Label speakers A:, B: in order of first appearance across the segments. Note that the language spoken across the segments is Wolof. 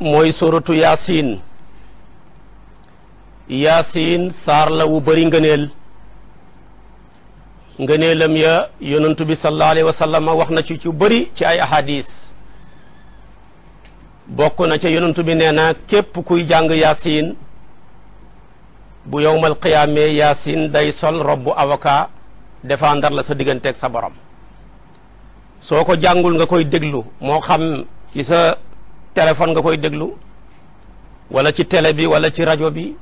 A: mooy suratu yaasin yaasin saar la wu bari ngëneel ngëneelam ya yonantu bi sallallahu alayhi wax na ci ci bari ci ay ahadis bokk na ci yonantu bi nee na képp kuy jàng yaasin bu yowmal qiyaamee yaasin day sol robbu avocat défendre la sa digganteeg sa borom soo ko jàngul nga koy déglu moo xam ci sa téléphone nga koy déglu walla ci tele bi wala ci rajo bi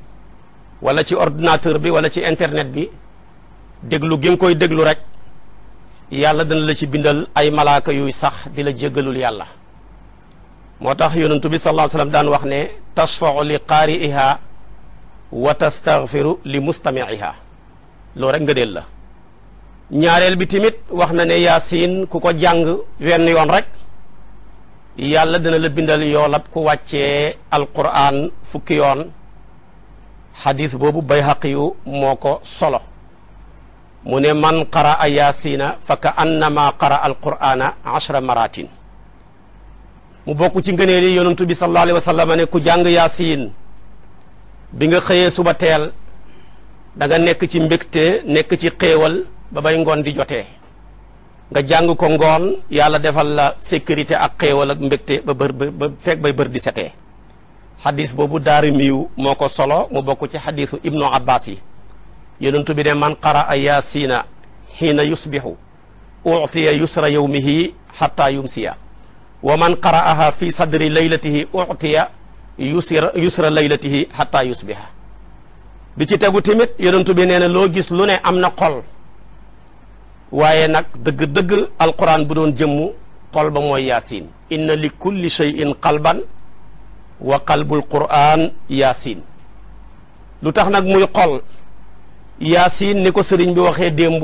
A: wala ci ordinateur bi wala ci internet bi déglu gi koy déglu rek yàlla dana la ci bindal ay malaaka yuy sax di la jéggalul yàlla moo tax yonentu bi sallallahu alayhi wasallam daan wax ne tashfa'u li qaari'iha wa tastaghfiru li mustami'iha loo rek nga del la ñaareel bi tamit wax na ne yaasin ku ko jàng wenn yoon rek yàlla dana la bindal yoo yoolab ku wàccee alquran fukki yoon xadis boobu bayhaqi moo ko solo mu ne man qaraa yaasina fa ka annama qaraa alqurana maratin mu bokk ci ngëneeli yonentu bi sallallahu alayhi wa ne ku jàng yaasin bi nga xëyee suba teel da nekk ci mbégte nekk ci xéewal ba bay ngoon di jotee nga jàng ko ngoon yàlla defal la sécurité ak xéewal ak mbégte ba bër ba fekk bay bër di setee xadis boobu daarimiyu moo ko solo mu bokk ci xadisu ibnu abbas yi yonentu bi man qara a yaasiina xiina yusbixu utiya yusra yawmihi xatta yumsiya wa man qara'aha fi sadri laylatihi utiya yusra yusra laylatihi xatta yusbiha bi ci tegu tamit yonentu bi nee loo gis lu ne am na xol waaye nag dëgg-dëgg alquran bu doon jëmmu xol ba mooy yaasin inna li kulli shay'in qalban wa qalbul quran yaasin lu tax nag muy xol yaasin ni ko sëriñ bi waxee démb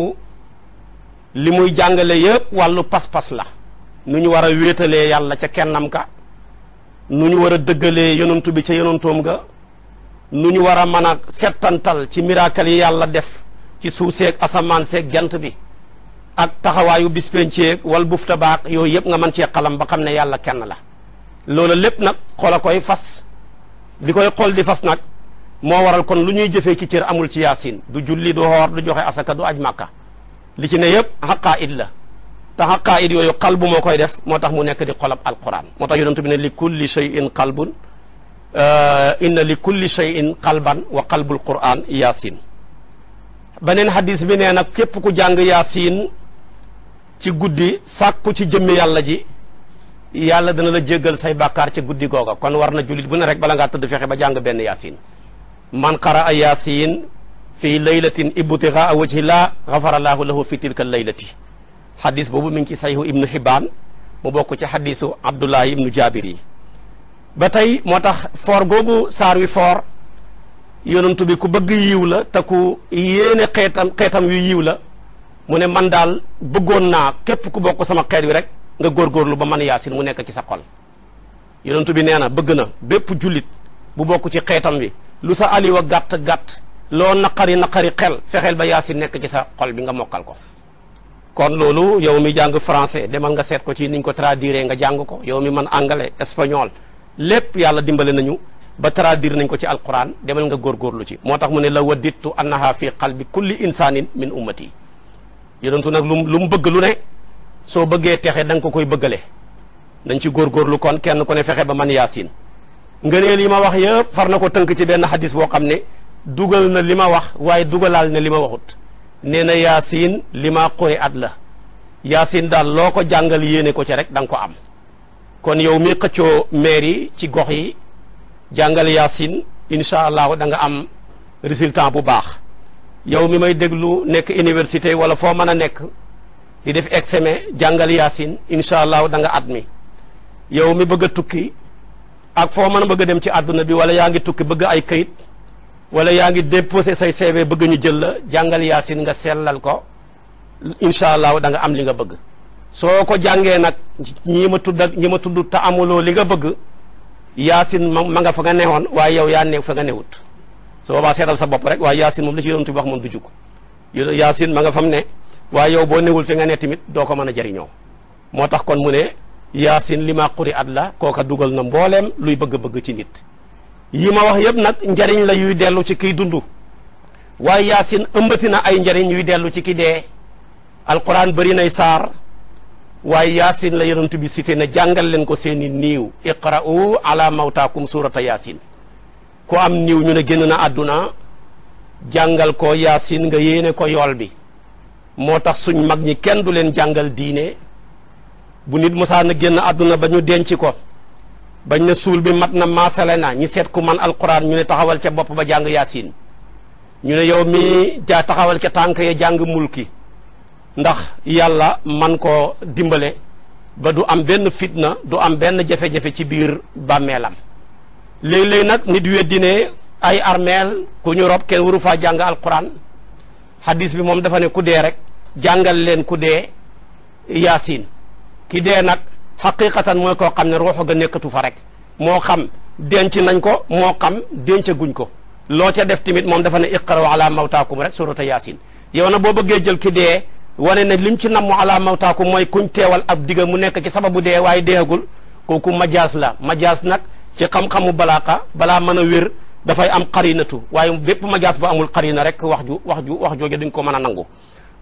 A: li muy jàngale yëpp wàllu pas-pas la nu ñu war a wéetalee yàlla ca kennam ka nu ñu war a dëggalee yonantu bi ca yonantoom ga nu ñu war a mën a settantal ci miracle yi yàlla def ci suuf seeg asamaan seeg jant bi ak taxawaayu bis penceeg wal bufta baak yooyu yëpp nga man cee kalam ba xam ne yàlla kenn la loola lépp nag xol a koy fas li koy xol di fas nag moo waral kon lu ñuy jëfe ci cër amul ci yaasin du julli du hoor du joxe asaka du aj màkka li ci ne yëpp xaqaa'id la te xaqaa'id yooyu qalbu moo koy def moo tax mu nekk di xolab alquran moo tax yonent bi ne li kulli shay'in qalbun euh, inna li kulli shay'in qalban wa qalbul quran bi nee nag képp ku jàng yaasin ci guddi sàkku ci jëmmi yàlla ji yàlla dana la jéggal say bàkkaar ci guddi googa kon war na jullit bu ne rek bala ngaa tëdd fexe ba jàng benn yaasin man qara a yaasin fii laylatin ibtigaa wajhi laa gafarallahu lahu fi tilka laylati xadis boobu mi ngi ci sahihu ibnu hibaan mu bokk ci xadisu abdullahi ibnu jaabir yi ba tey moo tax foor googu saar wi foor yonent bi ku bëgg yiw la te ku yéene xeetam xeetam yu yiw la mu ne man daal bëggoon naa képp ku bokk sama xeet wi rek nga góor góorlu ba man yaasin mu nekk ci sa xol yonentu bi nee na bëgg na bépp jullit bu bokk ci xeetam bi lu sa aliwa gàtt gàtt loo naqari naqari xel fexeel ba yaasin nekk ci sa xol bi nga mokkal ko kon loolu yow mi jàng français demal nga seet ko ci niñ ko traduire nga jàng ko yow mi man anglais espagnol lépp yàlla dimbale nañu ba traduire nañ ko ci alquran demal nga góorgóorlu ci moo tax mu ne la waddittu annaha fi qalbi kulli insanin min ummati yonentu nag lu lu mu bëgg lu ne soo bëggee texe danga ko koy bëggale nañ ci góor góorgóorlu kon kenn ku ne fexe ba man yaasin ngëneel yi ma wax yëpp far na ko tënk ci benn xadis boo xam ne dugal na li ma wax waaye dugalaal na li ma waxut nee na yaasin li ma xuri at la yaasin daal loo ko jàngal yéene ko ci rek danga nga ko am kon yow mi xëccoo maire yi ci gox yi jàngal yaasin incha allahu da nga am résultat bu baax yow mi may déglu nekk université wala foo mën a nekk di def examen jàngal yaasin incha allah danga at mi yow mi bëgg a tukki ak foo mën a bëgg a dem ci àdduna bi wala yaa ngi tukki bëgg ay kayit wala yaa ngi déposé say CV bëgg ñu jël la jàngal yaasin nga sellal ko incha allah da nga am li nga bëgg soo ko jàngee nag ñi ma tudd ak ñi tudd te amuloo li nga bëgg yaasin ma ma nga fa nga newoon waaye yow yaa ne fa nga newut soo boobaa seetal sa bopp rek waaye yaasin moom la ci yonent bi wax moom du jug yaasin ma nga fam ne waaye yow boo newul fi nga ne tamit doo ko mën a jëriñoo moo tax kon mu ne yaasin li maa quri at la kooka dugal na mbooleem luy bëgg-bëgg ci nit yi ma wax yëpp nag njariñ la yuy dellu ci kiy dund waaye yaasin ëmbati na ay njariñ yuy dellu ci ki dee alquran bëri nay saar waaye yaasin la yonent bi cité na jàngal leen ko seeni niiw iqra'u ala mawtaakum surata yaasin ku am niw ñu ne génn na àdduna jàngal ko yaasin nga yéene ko yool bi moo tax suñ mag ñi kenn du leen jàngal diine bu nit mosaan génn àdduna ba ñu denc ko bañ ne suul bi mat na maasale na ñi seet ku man alquran ñu ne taxawal ca bopp ba jàng yaasin ñu ne yow mi jaa taxawal ca tànk ya jàng mulki ndax yàlla man koo dimbale ba du am benn fitna du am benn jafe-jafe ci biir bàmmeelam léegi-léegi nag nit weddi ne ay armeel ku ñu rob kenn waru faa jàng alquran hadis bi moom dafa ne ku dee rek jàngal leen ku dee yaasin ki dee nag xaqiqatan mooy koo xam ne ruuxu ga nekkatu fa rek moo xam denc nañ ko moo xam dencaguñ ko loo ca def tamit moom dafa ne iqraw ala mawtaakum rek surata yaasin yow na boo bëggee jël ki dee wane ne lim ci nammu ala mawtaakum mooy kuñ teewal ab digga mu nekk ci sababu dee waaye deeagul kooku majaas la majaas nag ci xam-xamu balaaka balaa mën a wér dafay am xarinatu waaye bépp majaas bu amul xarina rek wax ju wax ju wax jooju duñ ko mën a nangu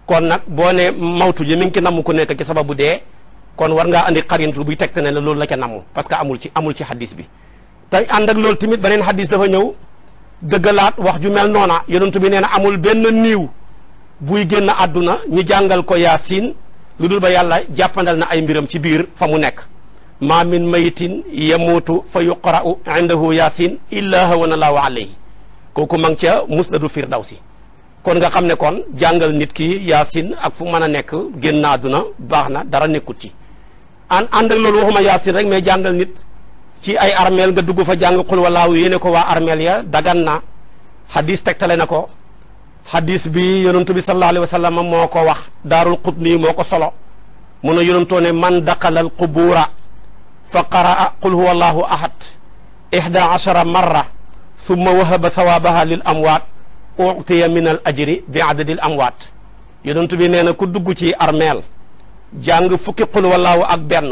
A: kon nag boo ne mawtu ji mi ngi ki namm ku nekk ci sababu dee kon war ngaa andi xarinatu buy tegte ne loolu la ca namm parce que amul ci amul ci hadis bi te ànd ak loolu tamit beneen hadis dafa ñëw dëggalaat wax ju mel noona yenoon bi nee amul benn niiw buy génn àdduna ñu jàngal ko yaasin lu dul ba yàlla jàppandal na ay mbiram ci biir fa mu nekk ma min mayitin yamuutu fa yuqra'u indahu yasin illa hawanallahu alayhi kooku ma ngi ca musnadu firdawsi kon nga xam ne kon jàngal nit ki yasin ak fu mën a nekk génn àdduna baax na dara nekkut ci an ànd ak loolu waxuma yaasin rek mais jàngal nit ci ay armeel nga dugg fa jàng xul walaahu yéene ko waa armeel ya dagan na hadis tegtale na ko hadis bi yonentu bi sallallahu alayhi wa sallam moo ko wax daarul qutni moo ko solo mun a yonentoo ne man daqalal qubuura fa qaraa qul huwa allahu ahad ihda ashara marra summa wahaba sawaabaha lil amwaat utiya min al ajri bi adadil amwaat yonent bi nee na ku dugg ci armeel jàng fukki qul wallaahu ak benn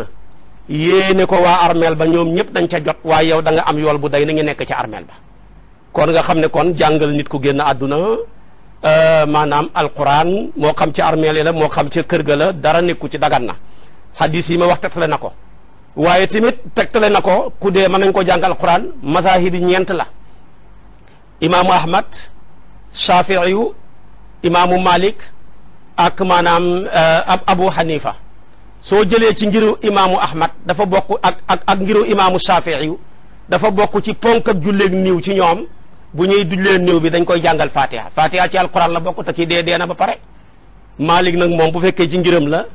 A: yéene ko waa armeel ba ñoom ñëpp dañ ca jot waaye yow da nga am yool bu day na ñu nekk ci armeel ba kon nga xam ne kon jàngal nit ku génn àdduna euh, maanaam alquran moo xam ci armeel la moo xam ci kër ga la dara nekku ci dagan na yi ma wax tefale na ko waaye tamit tegtale na ko ku dee mën nañ ko jàngal quran mazahib yi ñeent la imaamu ahmad shafiiyu imaamu malik ak maanaam eh, abu hanifa soo jëlee ci ngiru imaamu ahmad dafa bokk ak ak ak ngiru imaamu shafiiyu dafa bokk ci ponk ak julleeg niiw ci ñoom bu ñuy dullee néew bi dañ koy jàngal fatiha fatiha ci alquran la bokku te kii dee dee na ba pare malik nag moom bu fekkee ci ngiram la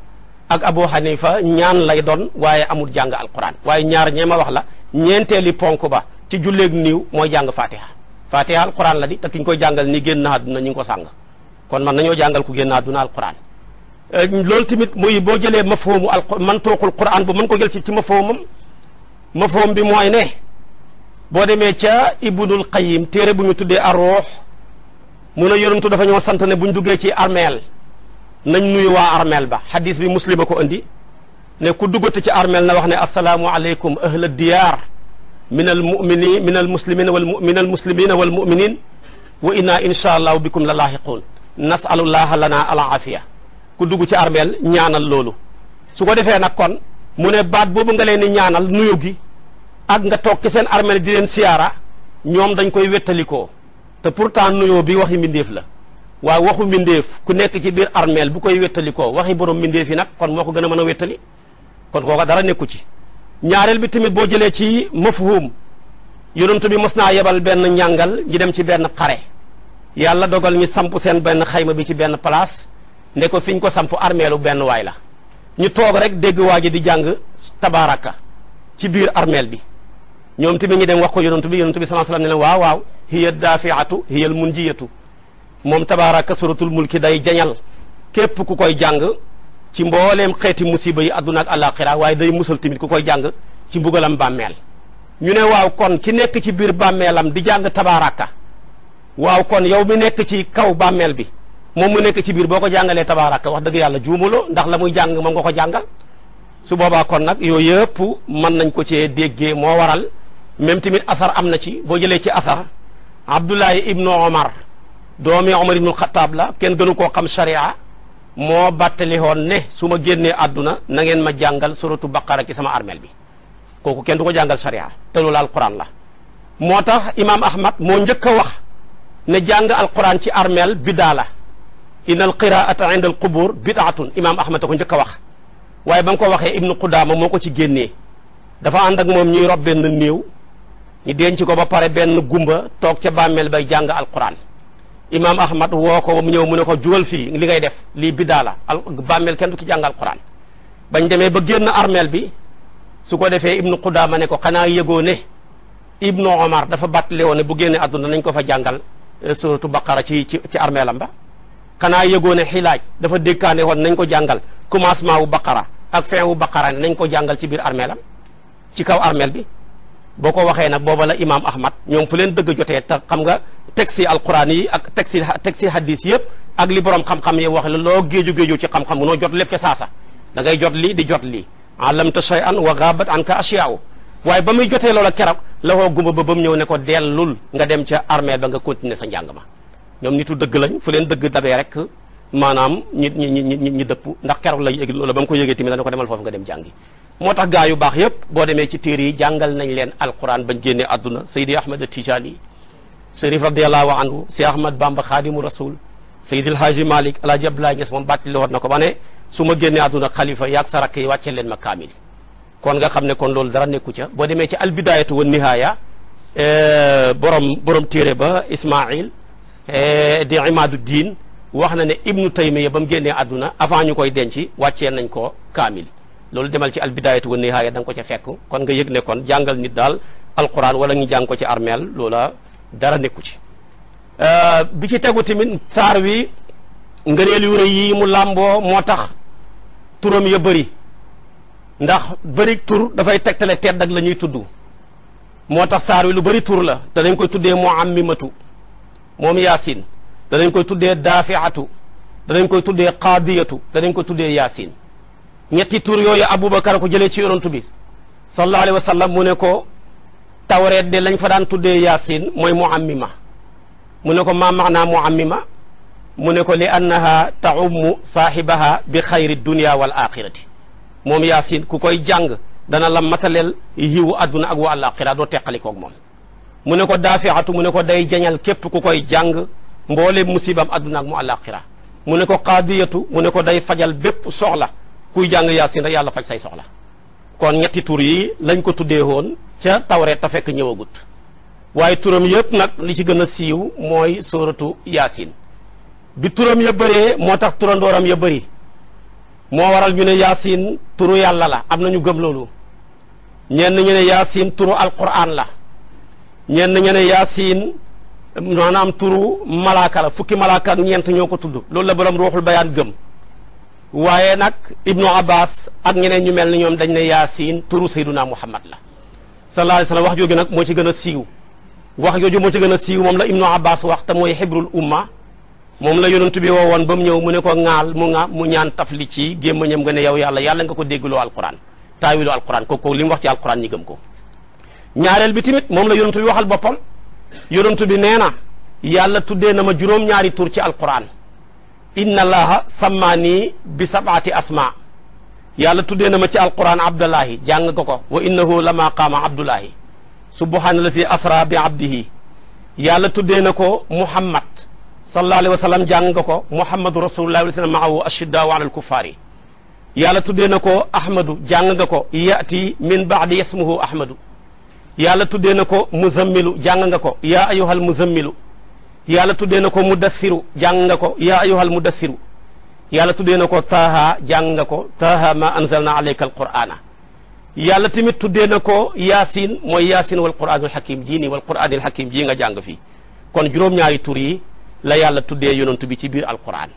A: ak Abu Hanifa ñaan lay doon waaye amul jàng alquran waaye ñaar ñee ma wax la ñeenteeli ponk ba ci julleeg niiw mooy jàng fatiha fatiha alquran la di te koy jàngal ni génn na àdduna ñu ngi ko sàng kon man nañoo jàngal ku génn àdduna alquran euh, loolu tamit muy boo jëlee mafhoomu al man tookul quran bu mën ko jël ci ci mafhoomam mafhoom bi mooy ne boo demee ca ibnul qayim téere bu ñu tuddee ar ruux mun a yonentu dafa ñoo sant ne buñ duggee ci armeel nañ nuyu waa armeel ba xadis bi muslima ko andi ne ku duggate ci armeel na wax ne asalaamu aleykum ahla diyaar min al mumini min al muslimina wal min al muslimina wal muminin wa inna insha allahu bikum la laaxiquun nasalullaha lana al aafiya ku dugg ci armeel ñaanal loolu su ko defee nag kon mu ne baat boobu nga leen di ñaanal nuyu gi ak nga toog seen armeel di leen siyaara ñoom dañ koy wettalikoo te pourtant nuyoo bi waxi mbindéef la waaw waxu mbindeef ku nekk ci biir armeel bu koy wettali ko waxi borom mbindeef yi nag kon moo ko gën a mën a wettali kon kooka dara nekku ci ñaareel bi tamit boo jëlee ci mafhum yonent bi mos naa yebal benn njàngal ñi dem ci benn xare yàlla dogal ñi samp seen benn xayma bi ci benn place ne ko fi ñu ko samp armeelu benn waay la ñu toog rek dégg waa di jàng tabaaraka ci biir armeel bi ñoom tamit ñi dem wax ko yonent bi yonent bi sallallahu ne leen waaw waaw hiya moom tabaaraka suratul mulki day jañal képp ku koy jàng ci mbooleem xeeti musiba yi adduna ak àllaaxira waaye day musal tamit ku koy jàng ci mbugalam bàmmeel ñu ne waaw kon ki nekk ci biir bàmmeelam di jàng tabaaraka waaw kon yow mi nekk ci kaw bàmmeel bi moom mu nekk ci biir boo ko jàngalee tabaaraka wax dëgg yàlla juumuloo ndax la muy jàng moom nga ko jàngal su boobaa kon nag yooyu yëpp mën nañ ko cee déggee moo waral même tamit asar am na ci boo jëlee ci asar abdullahi doomi Omar ibnul Xataab la kenn gënu koo xam sharia moo bàttali woon ne su ma génnee àdduna na ngeen ma jàngal suratu baqara ci sama armeel bi kooku kenn du ko jàngal sharia te loolu alquran la moo tax imaam ahmad moo njëkk a wax ne jàng al alquran ci armel bidaa la inal qiraata inda al qubur bidaatun imaam ahmad da ko njëkk a wax waaye ba mu ko waxee ibnu qudaama moo ko ci génnee dafa ànd ak moom ñuy rob benn néew ñu denc ko ba pare benn gumba toog ca bàmmeel bay jàng alquran imaam ahmad woo ko mu ñëw mu ne ko jugal fii li ngay def lii biddaa la al bàmmeel kenn du ki jàngal quran bañ demee ba génn armeel bi su ko defee ibnu qudaama ne ko xanaa yëgoo ne ibnu omar dafa bàttale woone ne bu génne àdduna nañ ko fa jàngal eh, suratu baqara ci ci ci armeelam ba xanaa yëgoo ne xilaaj dafa dékkaane woon nañ ko jàngal commencement wu baqara ak fin wu baqara nañ ko jàngal ci biir armeelam ci kaw armeel bi boo ko waxee nag booba la imaam ahmad ñoom fu leen dëgg jotee te xam nga texte yi alquran yi ak texte texte hadis yëpp ak li borom xam-xam yi wax la loo géeju géeju ci xam-xam noo jot lépp sa saasa dangay jot lii di jot lii alamta shay an wa gaabat an ka ashiyaw waaye ba muy jotee loola keroog la koo gumba ba ba mu ñëw ne ko dellul nga dem ca armée ba nga continuer sa njàng ma ñoom nitu dëgg lañ fu leen dëgg dabee rek maanaam ñi ñi ñi ñi dëpp ndax keroog la yëg loola ba ko yëgee tamit dana ko demal foofu nga dem jàngi moo tax gaa yu baax yépp boo demee ci téere yi jàngal nañ leen alquran bañ génnee àdduna Seydi Ahmad Tijani Cherif radiallahu anhu Cheikh Ahmad Bamba Khadimu Rasul Seydi El Hadji Malick El Hadji Abdoulaye Niass moom bàttali woon na ko ba ne su ma génnee àdduna xalifa yaag sa rakk yi wàccee leen ma kaamil kon nga xam ne kon loolu dara nekku ca boo demee ci albidayatu wa nihaaya eh, borom borom téere ba Ismail eh, di Imaadu Diin wax na ne Ibnu Taymiya ba mu génnee àdduna avant ñu koy denc wàccee nañ ko kaamil loolu demal ci albidaayatu wa nihaaya da nga ko ca fekk kon nga yëg ne kon jàngal nit daal alquran wala ñu jàng ko ci armeel loola dara nekku ci euh, bi ci tegu tamit saar wi ngëneel yu rëy yi mu làmboo moo tax turam ya bari ndax bëri tur dafay tegtale tedd ak la ñuy tudd moo tax saar wi lu bëri tur la danañ koy tuddee moo am mimatu moom yaasin danañ koy tuddee daafiatu danañ koy tuddee qaadiyatu danañ koy tuddee yaasin ñetti tur yooyu Aboubacar ko jëlee ci yonantu bi sallallahu alayhi wa sallam mu ne ko tawreet lañ fa daan tuddee yaasin mooy muammima mu ne ko maa maanaa muammima mu ne ko li annaha taummu saahibaha bi xayri dunia wal axirati moom yaasin ku koy jàng dana la mataleel yiwu adduna ak wa alaaxira doo teqalikoog moom mu ne ko daafiatu mu ne ko day jañal képp ku koy jàng mboole musibam adduna ak mu alaaxira mu ne ko qaadiyatu mu ne ko day fajal bépp soxla kuy jàng yaasin rek yàlla faj say soxla kon ñetti tur yi lañ ko tuddee woon ca tawreet ta fekk ñëwagut waaye turam yëpp nag li ci gën a siiw mooy sóoratu yaasin bi turam ya bëree moo tax turandooram ya bëri moo waral ñu ne yaasin turu yàlla la am na ñu gëm loolu ñeen ñu ne yaasin turu alquran la ñeen ñu ne yaasin maanaam turu malaaka la fukki malaaka ak ñeent ñoo ko tudd loolu la borom ruuxul bayaan gëm waaye nag ibnu abbas ak ñeneen ñu mel ni ñoom dañ ne yaasin turu sayduna muhammad la sallallahu alayhi wa sallam wax jooju nag moo ci gën a siiw wax jooju moo ci gën a siiw moom la ibnu abbas wax te mooy xibrul umma moom la yonent bi woowoon ba mu ñëw mu ne ko ŋaal mu ŋa mu ñaan tafli ci gémmañam nga ne yow yàlla yàlla nga ko déggloo alquran taawilu alquran ko li mu wax ci alquran ñi gëm ko ñaareel bi tamit moom la yonent bi waxal boppam yonent bi nee na yàlla tuddee na ma juróom-ñaari tur ci alquran inna allaha sammaanii bi sab'ati asma yàlla tuddee na ma ci alquran abdullahi jàng ko ko wa innahu lama qaama abdullahi subhaana la si asra bi abdihi yàlla tuddee na ko muhammad sallallahu alayhi wa sallam jàng nga ko muhammadu rasulullahi wala maahu ashiddaau ala alkuffaari yàlla tuddee na ko ahmadu jàng nga ko yaati min baadi yasmuhu ahmadu yàlla tuddee na ko muzammilu jàng nga ko yaa ayuhal muzammilu yàlla tuddee na ko muddassiru jàng nga ko yaa ayyuhal muddassiru yàlla tuddee na ko taaha jàng nga ko taaha ma anzalna alayka alqur'ana yàlla tamit tuddee na ko yaasin mooy yasin wal qur'anul hakim jii nii wal qur'anil hakim nga jàng fii kon juróom-ñaari tur yi la yàlla tuddee yonantu bi ci biir alqur'an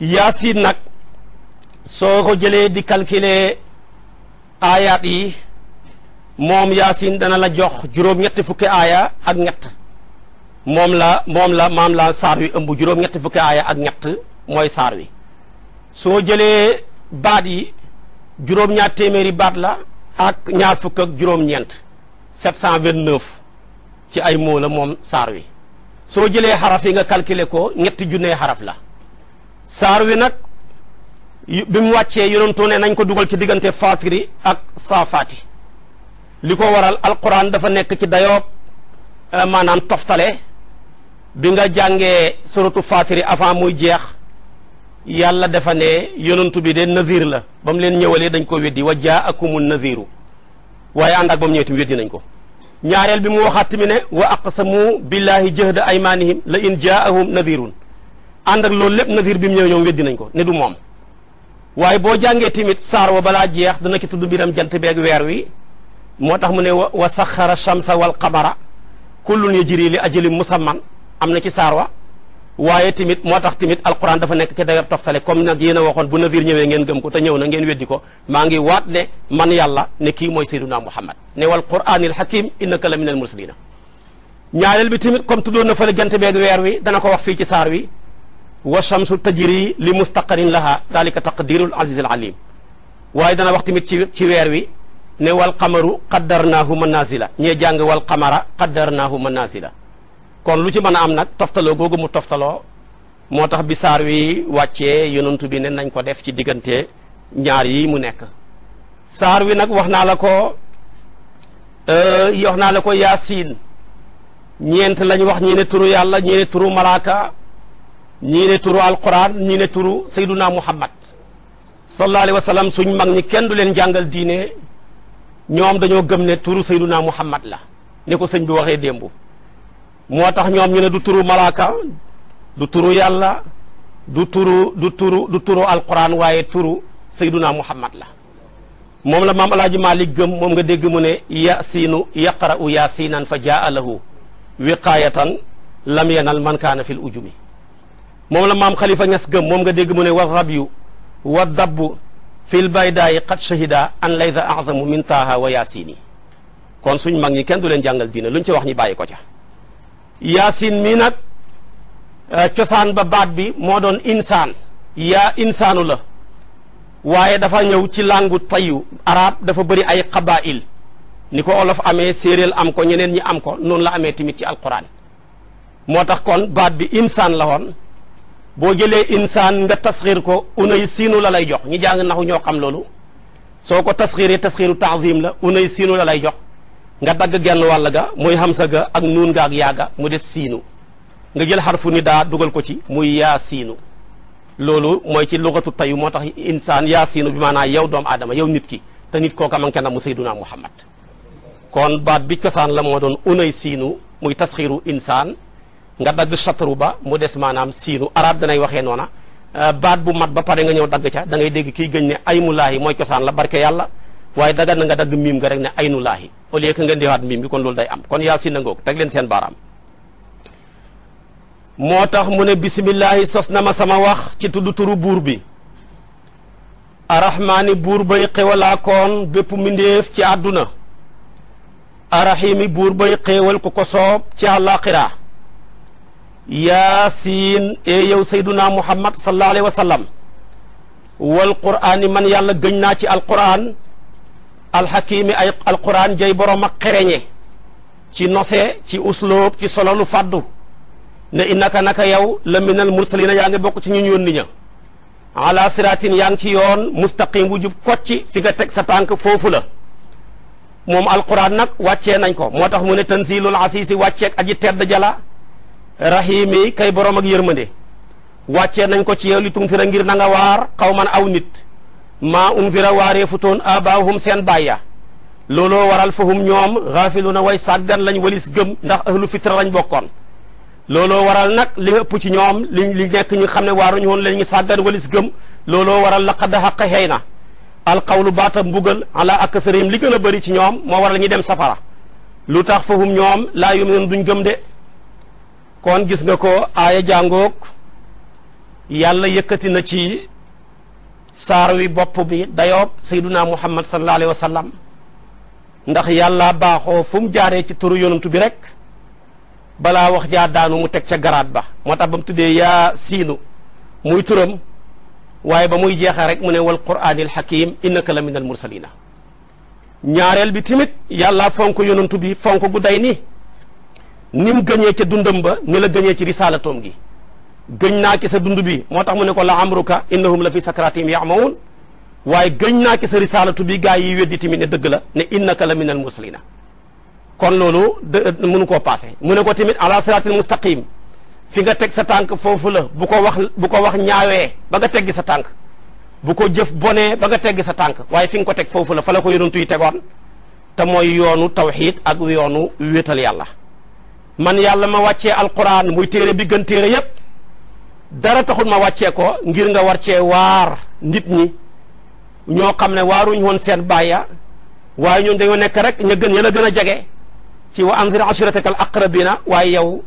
A: yasin nag soo ko jëlee di calculer aayaat yi moom yaasin dana la jox juróom-ñetti fukki aaya ak ñett moom la moom la maam la saar wi ëmb juróom-ñetti fukki aaya ak ñett mooy saar wi soo jëlee baat yi juróom-ñaar téeméeri baat la ak ñaar fukk ak juróom-ñeent 729 ci ay moo moom saar wi soo jëlee xaraf yi nga calculer ko ñetti junnee xaraf la saar wi nag bi mu wàccee yonentoo ne nañ ko dugal ci diggante faatiri ak saafaati li ko waral alquran dafa nekk ci dayoo eh, maanaam toftale bi nga jàngee suratu fatiri avant muy jeex yàlla dafa ne yonantu bi de nazir la ba mu leen ñëwalee dañ ko weddi wa jaa jaakumu naziru waaye ànd ak ba mu ñëwee tam weddi nañ ko ñaareel bi mu waxaat tamit ne wa sa mu billahi jahda aymanihim la in jaahum nazirun ànd ak loolu lépp nazir bi mu ñëwee ñëw weddi nañ ko ne du moom waaye boo jàngee tamit saar wa balaa jeex dana ki tudd biram jant beeg weer wi moo tax mu ne wa saxara shamsa wal qamara kullun yajri li ajali musamman am na ci saar wa waaye tamit moo tax tamit alquran dafa nekk ki dayab toftale comme nag yéen a waxoon bu nazir ñëwee ngeen gëm ko te ñëw na ngeen weddi ko maa ngi waat ne man yàlla ne kii mooy sayyiduna muhammad ne wal qur'anil hakim innaka la minal mursalina ñaareel bi tamit comme tuddoon na fële jant been weer wi dana ko wax fii ci saar wi wa shamsu tajri li mustaqarin laha dalika taqdirul azizil alim waaye dana wax tamit ci ci weer wi ne wal qamaru qaddarnaahu manazila ñee jàng wal qamara qaddarnaahu manazila kon lu ci mën a am nag toftaloo googu mu toftaloo moo tax bi saar wi wàccee yonantu bi ne nañ ko def ci diggante ñaar yi mu nekk saar wi nag wax naa la ko euh, wax naa la ko yaasiin ñeent lañ wax ñii ne turu yàlla ñii ne turu malaaka ñii ne turu alquran ñii ne turu sayduna muhammad sallallahu alayhi suñ mag ñi kenn du leen jàngal diine ñoom dañoo gëm ne turu sayduna muhammad la ne ko sëñ bi waxee démb moo tax ñoom ñu ne du turu malaaka du turu yàlla du turu du turu du turu alquran waaye turu sayduna muhammad la moom la maam alaaji malik gëm moom nga dégg mu ne yasiinu yaqra'u yaasinan fa jaa lahu wiqaayatan lam yanal man kaana fil ujumi moom la maam xalifa ñas gëm moom nga dégg mu ne wa rabyu wa dabbu fil baydaayi qad shahida an laysa azamu min taaha wa yaasini kon su suñ mag ñi kenn du leen jàngal diina luñ ci wax ñi bàyyi ko ca yaasin mii nag eh, cosaan ba baat bi moo doon insaan yaa insaanu la waaye dafa ñëw ci langu tayyu arab dafa bëri ay xabail ni ko olof amee séeréel am ko ñeneen ñi am ko noonu la amee tamit ci alquran moo tax kon baat bi insaan la woon boo jëlee insaan nga tasxiir ko unay siinu la lay jox ñi jàng naxu ñoo xam loolu soo ko tasxiiree tasxiiru taazim la unay siinu la lay jox nga dagg genn wàll ga muy hamsa ga ak nuun nga ak yaaga mu des siinu nga jël xarfu nidaa dugal ko ci muy yaa siinu loolu mooy ci lugatu tayu moo tax insaan yaa siinu bi maanaam yow doomu aadama yow nit ki te nit koo manke na mu sayduna muhammad kon baat bi cosaan la moo doon unay siinu muy tasxiiru insaan nga dagg saturu ba mu des maanaam siinu arab danay waxee noona euh, baat bu mat ba pare nga ñëw dagg ca da ngay dégg kii gëñ ne ay mulaahi mooy cosaan la barke yàlla waaye dagan na nga dagg miim nga rek ne aynu laahi au lieu que miim bi kon loolu day am kon yaa sin na ngoog teg leen seen baaraam moo tax mu ne bisimillahi sos na ma sama wax ci tudd turu buur bi arahmaani buur bay xewalaa koon bépp mindéef ci àdduna arahimi buur bay xéewal ku ko soob ci àllaaxira yaasiin e yow sayduna muhammad sallallahu alayhi wa sallam wal quraani man yàlla gëñ naa ci alquran alxakimi ay alquran jay borom ma xereñe ci nose ci usloob ci solo lu faddu ne innaka naka yow la minal mursalina yaa ngi bokk ci ñu yónni ña ala siratin yaa ngi ci yoon mustaqim bu jub kocci fi nga teg sa tànk foofu la moom alquran nag wàccee nañ ko moo tax mu ne tanzilul asiisi wàcceeg aji tedd jala rahimi kay borom ak yërmande wàccee nañ ko ci yow li tungtira ngir na nga waar xaw man aw nit maa unzira um waareefu toon abaahum seen bàyya looloo waral fahum ñoom na way sàggan lañ walis gëm ndax ahlu fitra lañ bokkoon looloo waral nag li ëpp ci ñoom li li nekk ñu xam ne waaruñu woon lañu sàggan walis gëm looloo waral laqad xaq xëy na alqawlu baata mbugal ala aksarihim li gën a bëri ci ñoom moo waral ñu dem safara lu tax fahum ñoom laa yuminuun duñ gëm de kon gis nga ko aaya jàngoog yàlla yëkkati na ci saar wi bopp bi dayoob sayduna muhammad sallallahu alayhi wa sallam ndax yàlla baaxoo fu mu jaaree ci turu yonantu bi rek balaa wax jaa daanu mu teg ca garaat ba moo tax ba mu tuddee yaa siinu muy turam waaye ba muy jeexee rek mu ne wal quraanil hakim innaka la min al mursalina ñaareel bi tamit yàlla fonk yonantu bi fonk gu day ni ni mu gëñee ca dundam ba ni la gëñee ci toom gi gëñ naa ki sa dund bi moo tax mu ne ko la amruka innahum la fi sakratihim yamawun waaye gëñ naa ki sa risalatu bi gaa yi weddi tamit ne dëgg la ne innaka la minal na kon loolu de mënu koo paase mu ne ko tamit ala siratil mustaqim fi nga teg sa tànk foofu la bu ko wax bu ko wax ñaawee ba nga teggi sa tànk bu ko jëf bonee ba nga teggi sa tànk waaye fi nga ko teg foofu la fa la ko yonentu yi tegoon te mooy yoonu tawxiid ak yoonu wéetal yàlla man yàlla ma wàccee alquran muy téere bi gën téere dara taxul ma wàcceekoo ngir nga war cee waar nit ñi ñoo xam ne waaruñ woon seen bàyya waaye ñun dañoo nekk rek ña gën ya la gën a jege ci wa anzir ashirataka al aqrabina waaye yow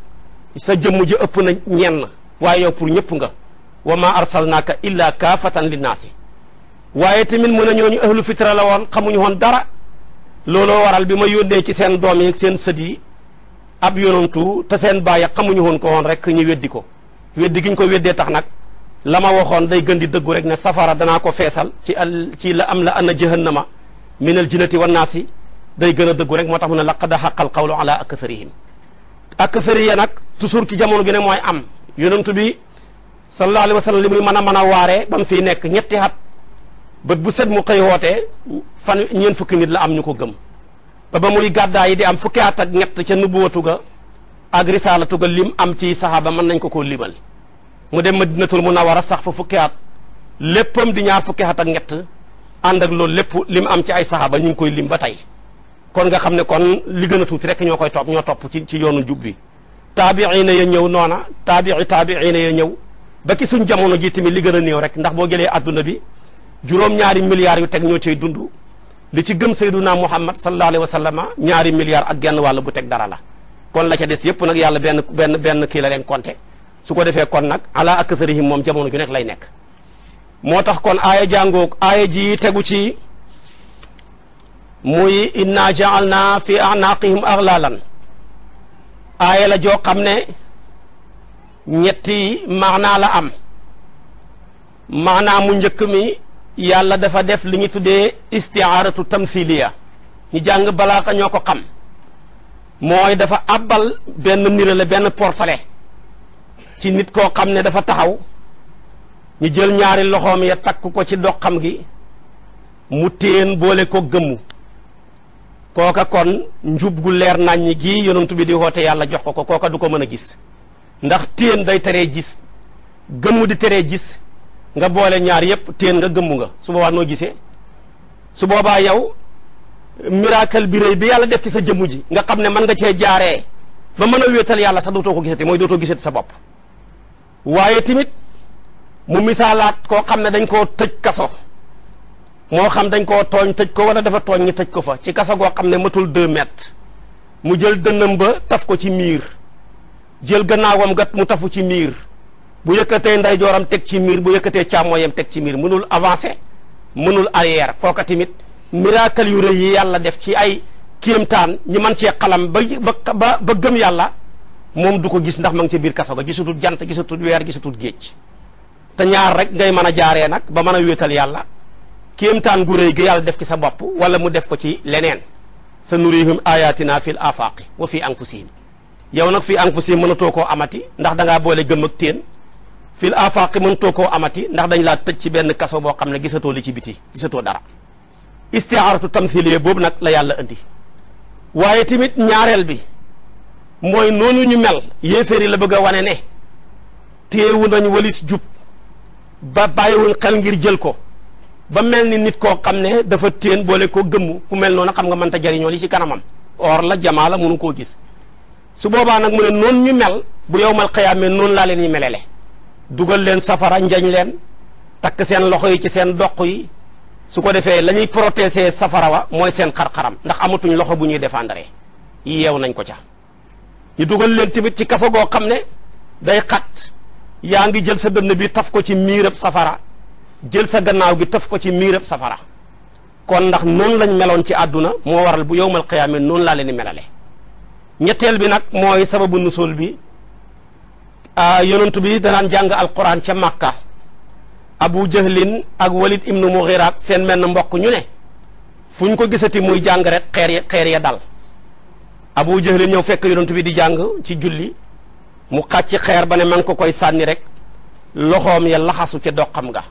A: sa jëmm ji ëpp na ñenn waaye yow pour ñëpp nga wa ma arsalnaaka illa kaafatan linnaasi waaye tamit mu ne ñooñu ahlu fitra la woon xamuñu woon dara looloo waral bi ma yónnee ci seen doom yi seen sët yi ab yonantu te seen baay bàyya xamuñu woon ko woon rek ñu weddi ko weddi gi ñu ko weddee tax nag la ma waxoon day gën di dëggu rek ne safara danaa ko feesal ci al ci la am la anna jahannama minal jinnati wan naasi day gën a dëggu rek moo tax mu ne laqad haqqal qawlu ala aktharihim akthariya nag toujours ci jamono gi ne mooy am yonentu bi sallallahu alayhi wa sallam li muy mën a mën a waaree ba mu fiy nekk ñetti at bët bu set mu xëy wootee fan ñeen fukki nit la am ñu ko gëm ba ba muy gàddaa yi di am fukki at ak ñett ca nubuwatu ga ak risaalatu ga lim am ci saxaaba mën nañ ko koo limal mu dem madinatul munawara sax fa fukki at léppam di ñaar fukki at ak ñett ànd ak loolu lépp lim am ci ay saxaaba ñu ngi koy lim ba tey kon nga xam ne kon li gën a tuuti rek ñoo koy topp ñoo topp ci ci yoonu jub bi taabiina ya ñëw noona taabii taabiina ya ñëw ba ki suñ jamono ji li gën a néew rek ndax boo jëlee adduna bi juróom-ñaari milliards yu teg ñoo cay dund li ci gëm sayduna muhammad sallallahu alayhi wa sallama ñaari milliards ak genn wàll bu teg dara la kon la ca des yëpp nag yàlla benn benn benn kii la leen su ko defee kon nag ala aksarihim moom jamono ju nekk lay nekk moo tax kon aaya jàngoog aaya ji tegu ci muy inna ja'alna fi anaqihim aghlalan aaya la joo xam ne ñetti maanaa la am maanaa mu njëkk mi yàlla dafa def li ñu tuddee istiaaratu tamthiliya ñu jàng balaaxa ñoo ko xam mooy dafa abbal benn nirale benn portale ci nit koo xam ne dafa taxaw ñu jël ñaari loxoom ya takk ko ci doxam gi mu téen boole ko gëmmu kooka kon njub gu leer naññi gi yonantu bi di woote yàlla jox ko ko kooka du ko mën a gis ndax téen day teree gis gëmmu di teree gis nga boole ñaar yépp téen nga gëmmu nga su boobaa noo gisee su boobaa yow miracle bi rëy bi yàlla def ci sa jëmm ji nga xam ne man nga cee jaaree ba mën a wéetal yàlla sa dootoo ko gisati mooy dootoo gisati sa bopp waaye tamit mu misaalaat koo xam ne dañ koo tëj kaso moo xam dañ koo tooñ tëj ko wala dafa tooñ ñi tëj ko fa ci kaso goo xam ne matul deux mètres mu jël dënnam ba taf ko ci miir jël gannaawam gat mu tafu ci miir bu yëkkatee jooram teg ci miir bu yëkkatee càmmooyam teg ci miir mënul avancer mënul arrière kooka miracle yu rëy yi yàlla def ci ay kéemtaan ñi man cee xalam ba ba ba gëm yàlla moom du ko gis ndax ma ngi ci biir kaso ga gisatul jant gisatul weer gisatul géej te ñaar rek ngay mën a jaaree nag ba mën a wéetal yàlla kéemtaan gu rëy ga yàlla def ci sa bopp wala mu def ko ci leneen sa nurihim ayatina fil afaqi wa fi anfusihim yow nag fii anfusihim mënatoo koo amati ndax dangaa boole gëm ak téen fil afaqi mënatoo koo amati ndax dañ laa tëj ci benn kaso boo xam ne gisatoo li ci biti gisatoo dara istiaaratu tamthiliya boobu nag la yàlla indi waaye tamit ñaareel bi mooy noonu ñu mel yéeféeri la bëgg a wane ne téewu nañ walis jub ba bàyyiwuñ xel ngir jël ko ba mel ni nit koo xam ne dafa téen boole koo gëmm ku mel noonu xam nga mënta jariñoo li ci kanamam or la jamaa la mënu koo gis su boobaa nag mu ne noonu ñu mel bu yowmal xiyaamee noonu laa leen ñu melele dugal leen safara njañ leen takk seen loxo yi ci seen doq yi su ko defee lañuy ñuy protéger safara wa mooy seen xar ndax amatuñ loxo bu ñuy défendre yeew nañ ko ca ñu dugal leen tamit ci kaso goo xam ne day xat yaa ngi jël sa dënn bi taf ko ci miirab safara jël sa gannaaw gi taf ko ci miirab safara kon ndax noonu lañ meloon ci àdduna moo waral bu yow yowmal qiyaama noonu laa leen di melale ñetteel bi nag mooy sababu nusul bi ah, yonent bi danaan jàng alquran ca Makka abu jahlin ak walid ibnu mughiraat seen menn mbokk ñu ne fu ñu ko gisati muy jàng rek xeer ya xeer ya dal abu jahlin ñëw fekk yonent bi di jàng ci julli mu xàcc xeer ba ne man ko koy sànni rek loxoom ya laxasu ca doqam nga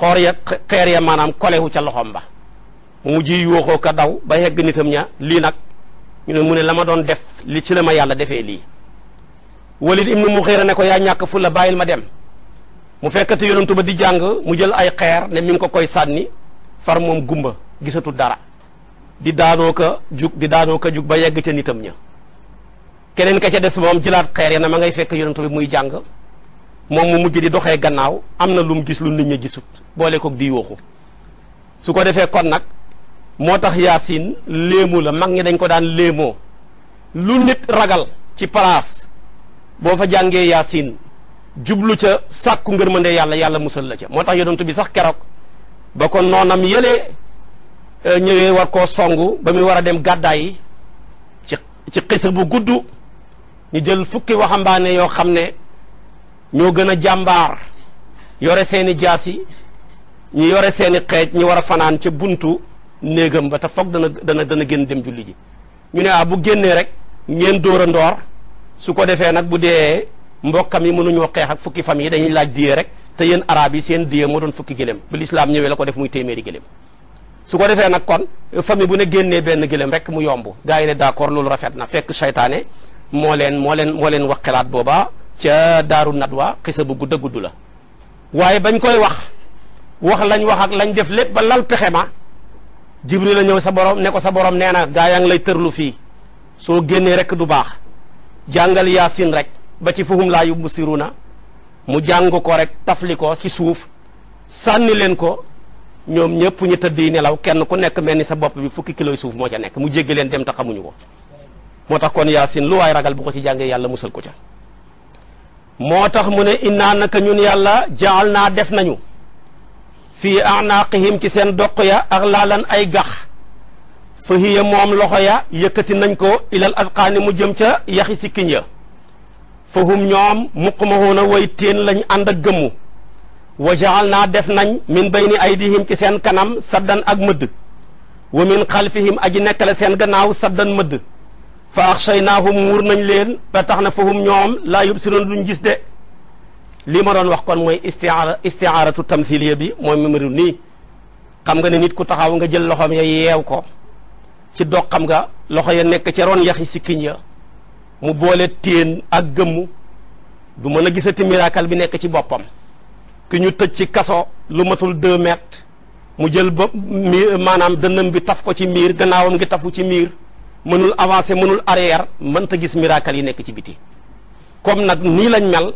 A: xoor ya xeer ya maanaam kolewu ca loxoom ba mu ji yooxoo ko ba yegg nitam ña lii nag ñu ne mu ne la ma doon def li ci la ma yàlla defee lii walid ibnu mughira ne ko yaa ñàkk fu la bàyyil ma dem mu fekkati yonentu ba di jàng mu jël ay xeer ne mi ngi ko koy sànni far moom gumba gisatu dara di daanoo ko jug di daanoo ko jug ba yegg ca nitam ña keneen ka ca des moom jëlaat xeer ya na ma ngay fekk yonentu bi muy jàng moom mu mujj di doxe gannaaw am na lu mu gis lu nit ña gisut boole koog di yooxu su ko defee kon nag moo tax yaasin léemu la mag ñi dañ ko daan léemoo lu nit ragal ci palaas boo fa jàngee yaasin jublu ca sàkku ngërmande yàlla yàlla musal la ca moo tax yonent bi sax keroog ba ko noonam yëlee ñëwee war koo songu ba muy war a dem gàddaay yi ci ci xisa bu gudd ñu jël fukki waxambaane yoo xam ne ñoo gën a jàmbaar yore seeni jaas yi ñu yore seeni xeej ñu war a fanaan ca buntu néegam ba te foog dana dana dana génn dem julli ji ñu ne ah bu génnee rek ngeen dóor a ndoor su ko defee nag bu dee mbokkam yi mënuñoo xeex ak fukki yi dañuy laaj diye rek te yéen araab yi seen diye moo doon fukki gëléem bu lislaam ñëwee la ko def muy téeméeri gëléem su ko defee nag kon famille bu ne génnee benn gëléem rek mu yomb gars yi ne d'accord loolu rafet na fekk seytaane moo leen moo leen moo leen wax xelaat booba ca daaru nadwa xisa bu gudd a gudd la waaye bañ koy wax wax lañ wax ak lañ def lépp ba lal pexe ma jibril la ñëw sa borom ne ko sa borom nee na gaa yaa ngi lay tërlu fii soo génnee rek du baax jàngal yaasin rek ba ci fuhum laa yubsiruna mu jàng ko rek tafli ko ci suuf sànni leen ko ñoom ñëpp ñu tëdd yi nelaw kenn ku nekk mel ni sa bopp bi fukki kilo suuf moo ca nekk mu jéggi leen dem te xamuñu ko moo tax kon yaasin lu waay ragal bu ko ci jàngee yàlla musal ko ca moo tax mu ne innaa naka ñun yàlla jaal naa def nañu fii anaaqihim ci seen doq ya ak laalan ay gax fa hiya moom loxo ya yëkkati nañ ko ilal adqaani mu jëm ca yaxi sikkiñ ya fa hum ñoom muqmahuuna way teen lañ ànd ak gëmmu wa jaxal naa def nañ min bayni aydihim ci seen kanam saddan ak mëdd wa min xalfihim aji nekkale seen gannaaw saddan mëdd fa naa axshaynaahum muur nañ leen ba tax na fa hum ñoom laa yubsiroon duñ gis de lii ma doon wax kon mooy istiaara istiaaratu tamthiliya bi mooy mamiru nii xam nga ne nit ku taxaw nga jël loxoom ya yeew ko ci xam nga loxo ya nekk ca roon yaxi sikkiñ ya mu boole téen ak gëmmu du mën a gisati miracle bi nekk ci boppam ki ñu tëj ci kaso lu matul deux mètres mu jël ba miir maanaam dënnam bi taf ko ci miir gannaawam ngi tafu ci miir mënul avancer mënul arrière mënta gis miracle yi nekk ci biti comme nag nii lañ mel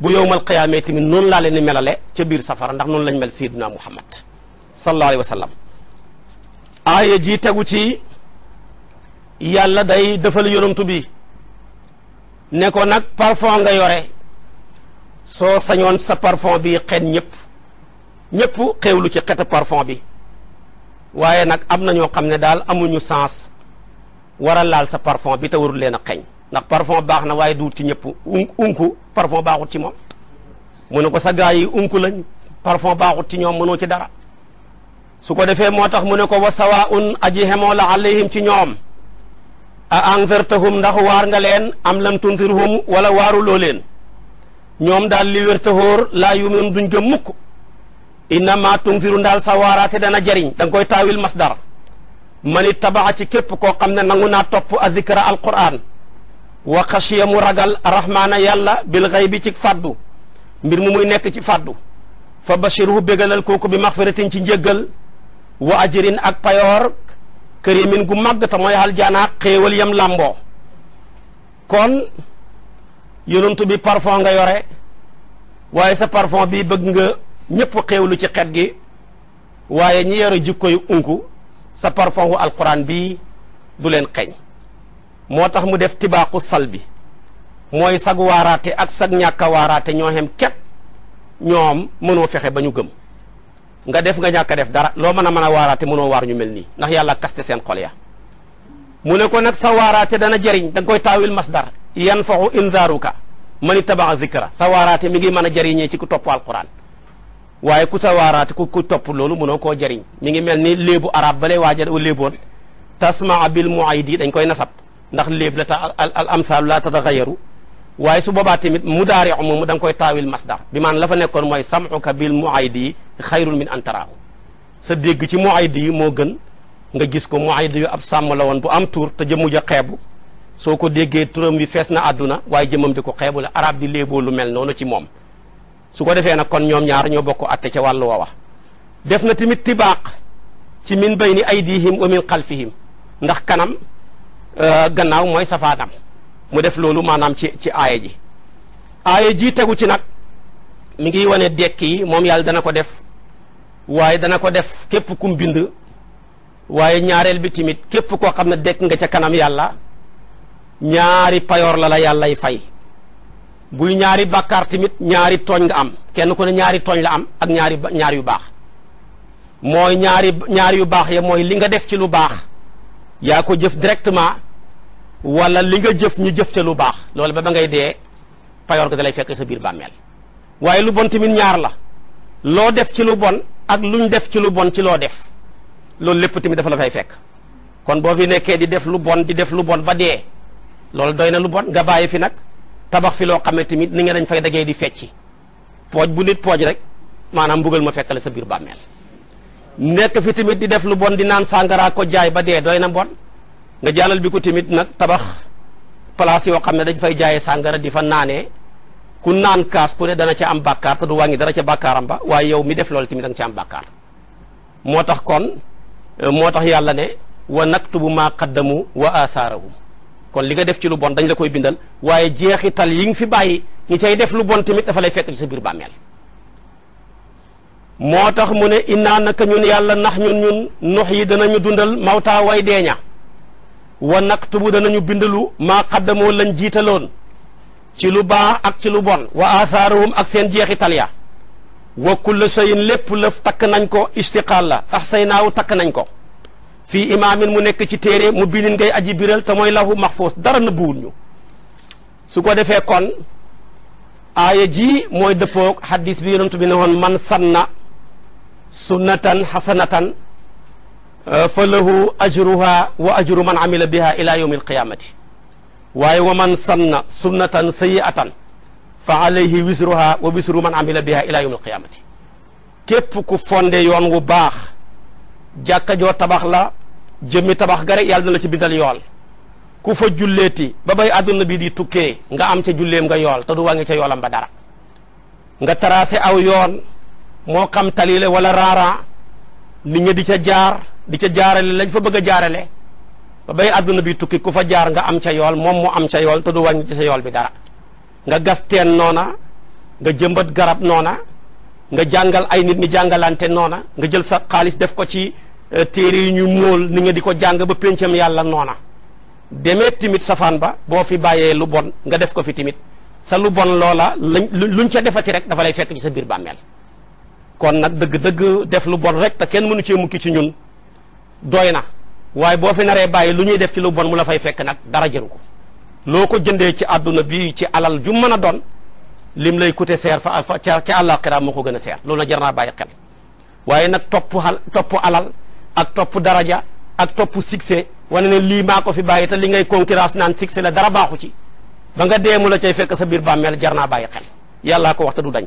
A: bu yow mal qiyaamee tamit noonu laa leen di melale ca biir safara ndax noonu lañ mel sayyidina muhammad sallallahu alayhi wa sallam aaya ji tegu ci yàlla day defal yonantu bi ne ko nag parfum nga yore soo sañoon sa parfum bi xen ñëpp ñëpp xewlu ci xetu parfum bi waaye nag am na ñoo xam ne daal amuñu sens waral laal sa parfum bi te warul leen a xeñ ndax parfum baax na waaye duut ci ñëpp un unku parfum baaxut ci moom mu ne ko sa gaa yi unku lañ parfum baaxut ci ñoom mënoo ci dara su ko defee moo tax mu ne ko wa sawaun aji xemoo la alayhim ci ñoom a anzartahum ndax waar nga leen am lam tunzirhum wala waaruloo leen ñoom daal li wér taxóor laa yumin duñ gëm mukk innama tunziru ndaal sa waaraate dana jariñ da koy taawil masdar mani tabaa ci képp koo xam ne nangu naa topp a zikra alquran wa xashiya ragal rahmaana yàlla bil xaybi ci fàddu mbir mu muy nekk ci fàddu fa bashirhu bégalal kooku bi maxfiratin ci njëggal wa ajrin ak payoor kër yi kërimin gu màgg te mooy aljanna xéewal yam làmboo kon yonent bi parfum nga yore waaye sa parfum bi bëgg nga ñëpp xéewlu ci xet gi waaye ñi yore jikko yu unku sa parfum wu bi du leen xeeñ moo tax mu def tibaaqu sal bi mooy sag waaraate ak sag ñàkk waaraate ñoo xem képp ñoom mënoo fexe ba ñu gëm nga def nga ñàkk a def dara loo mën a mën a waaraate mënoo waar ñu mel ni ndax yàlla kaste seen xol mu ne ko nag sa waaraate dana jëriñ da nga koy taawil masdar yan faxu inzaaruka man ittaba'a zikra sa waaraate mi ngi mën a jëriñee ci ku topp alquran waaye ku sa waaraate ku topp loolu mënoo koo jëriñ mi ngi mel ni léebu arab bale waaja léeboon tasmaa bil muayidi dañ koy nasab ndax léeb la ta al amsaalu la tatagayaru waaye su boobaa tamit mudaari moom da nga koy taawil masdar bi maanaam la fa nekkoon mooy sam'uka bil muayidi xayrun min an sa dégg ci muayid yi moo gën nga gis ko muayid yu ab sàmm la woon bu am tur te jëmu ja xeebu soo ko déggee turam wi fees na àdduna waaye jëmam di ko xeebu la arab di léeboo lu mel noonu ci moom su ko defee nag kon ñoom ñaar ñoo bokk atte ca wàllu wa wax def na tamit tibaaq ci min bayni aydihim wa min xalfihim ndax kanam euh, gannaaw mooy safaanam mu def loolu maanaam ci ci aaya ji aaya ji tegu ci nag mu ngi wane dekk yi moom yàlla dana ko def waaye dana ko def képp kum bind waaye ñaareel bi tamit képp koo xam ne dekk nga ca kanam yàlla ñaari payoor la la yàlla yàllay fay buy ñaari bakkaar tamit ñaari tooñ nga am kenn ku ne ñaari tooñ la am ak ñaari ñaar yu baax mooy ñaari ñaar yu baax ya mooy li nga def ci lu baax yaa ko jëf directement wala li nga jëf ñu jëf te lu baax loolu ba ba ngay dee payoor ga da lay fekk sa biir bàmmeel waaye lu bon tamit ñaar la loo def ci lu bon ak lu ñu def ci lu bon ci loo def loolu lépp tamit dafa la fay fekk kon boo fi nekkee di def lu bon di def lu bon ba dee loolu doy na lu bon ga bàyyi fi nag tabax fi loo xamee tamit ni nga dañ fay dagee di fecci pooj bu nit pooj rek maanaam mbugal ma fekkale sa biir bàmmeel nekk fi tamit di def lu bon di naan sàngara ko jaay ba dee doy na bon nga jàllal bi ko tamit nag tabax place yoo xam ne dañ fay jaayee sàngara di fa naanee ku naan kaas ku ne dana ca am bàkkaar te du wàññi dara ca bàkkaaram ba waaye yow mi def loolu tamit da nga ca am bàkkaar moo tax kon euh, moo tax yàlla ne wa naktubu maa qaddamu wa athaarahum kon li nga def ci lu bon dañ la koy bindal waaye jeexital yi nga fi bàyyi ñi cay def lu bon tamit dafa lay fekk ci sa biir bàmmeel moo tax mu ne inaa naka ñun yàlla nax ñun ñun nox yi danañu dundal mawtaa way deeña wa naktubu danañu bindalu maa qaddamoo lañ jiitaloon ci lu baax ak ci lu bon wa athaaruhum ak seen jeexital ya wa kulla shay'in lépp lëf takk nañ ko istiqaal la ahsaynaahu takk nañ ko fii imaamin mu nekk ci téere mu binin ngay aji biral te mooy lahu maxfuus dara nëbbuwul ñu su ko defee kon aaya ji mooy dëppoog xadis bi yonent bi woon man sanna sunnatan xasanatan fa lahu ajruha wa ajru man amila biha ila yawmi alqiyamati waaye wa man sanna sunnatan sayyi'atan fa alayhi wisruha wa wisru man amila biha ila yawmil qiyamati képp ku fonde yoon wu baax jàkka joo tabax la jëmmi tabax ga rek yàlla na la ci bindal yool ku fa julleeti ba bay àdduna bi di tukkee nga am ca julleem nga yool te du wàññi ca yoolam ba dara nga tracé aw yoon moo xam tali la wala raara nit ñi di ca jaar di ca jaarale lañ fa bëgg a jaarale ba bay àdduna bi tukki ku fa jaar nga am ca yool moom mu am ca yool te du wàññi ci sa yool bi dara nga gas teen noona nga jëmbat garab noona nga jàngal ay nit ñi jàngalante noona nga jël sa xaalis def ko ci e, téere yi ñu móol ni nga di ko jàng ba péncam yàlla noona demee timit safaan ba boo fi bàyyee lu bon nga def ko fi timit sa lu bon loola lañ luñ ca defati rek dafa lay fekk ci sa biir bàmmeel kon nag dëgg-dëgg def lu bon rek te kenn mënu cee mukki ci ñun doy na waaye boo fi naree bàyyi lu ñuy def ci lu bon mu la fay fekk nag dara jëru ko loo ko jëndee ci àdduna bi ci alal ju mën a doon lim lay coûter seer fa fa ca ca àllaaxira moo ko gën a seer lool la jar naa bàyyi xel waaye nag topp al topp alal ak topp daraja ak topp succès wane ne lii maa ko fi bàyyi te li ngay concurrence naan succès la dara baaxu ci ba nga deemu la cay fekk sa biir bàmmeel jar naa bàyyi xel yàllaa ko wax te du dañ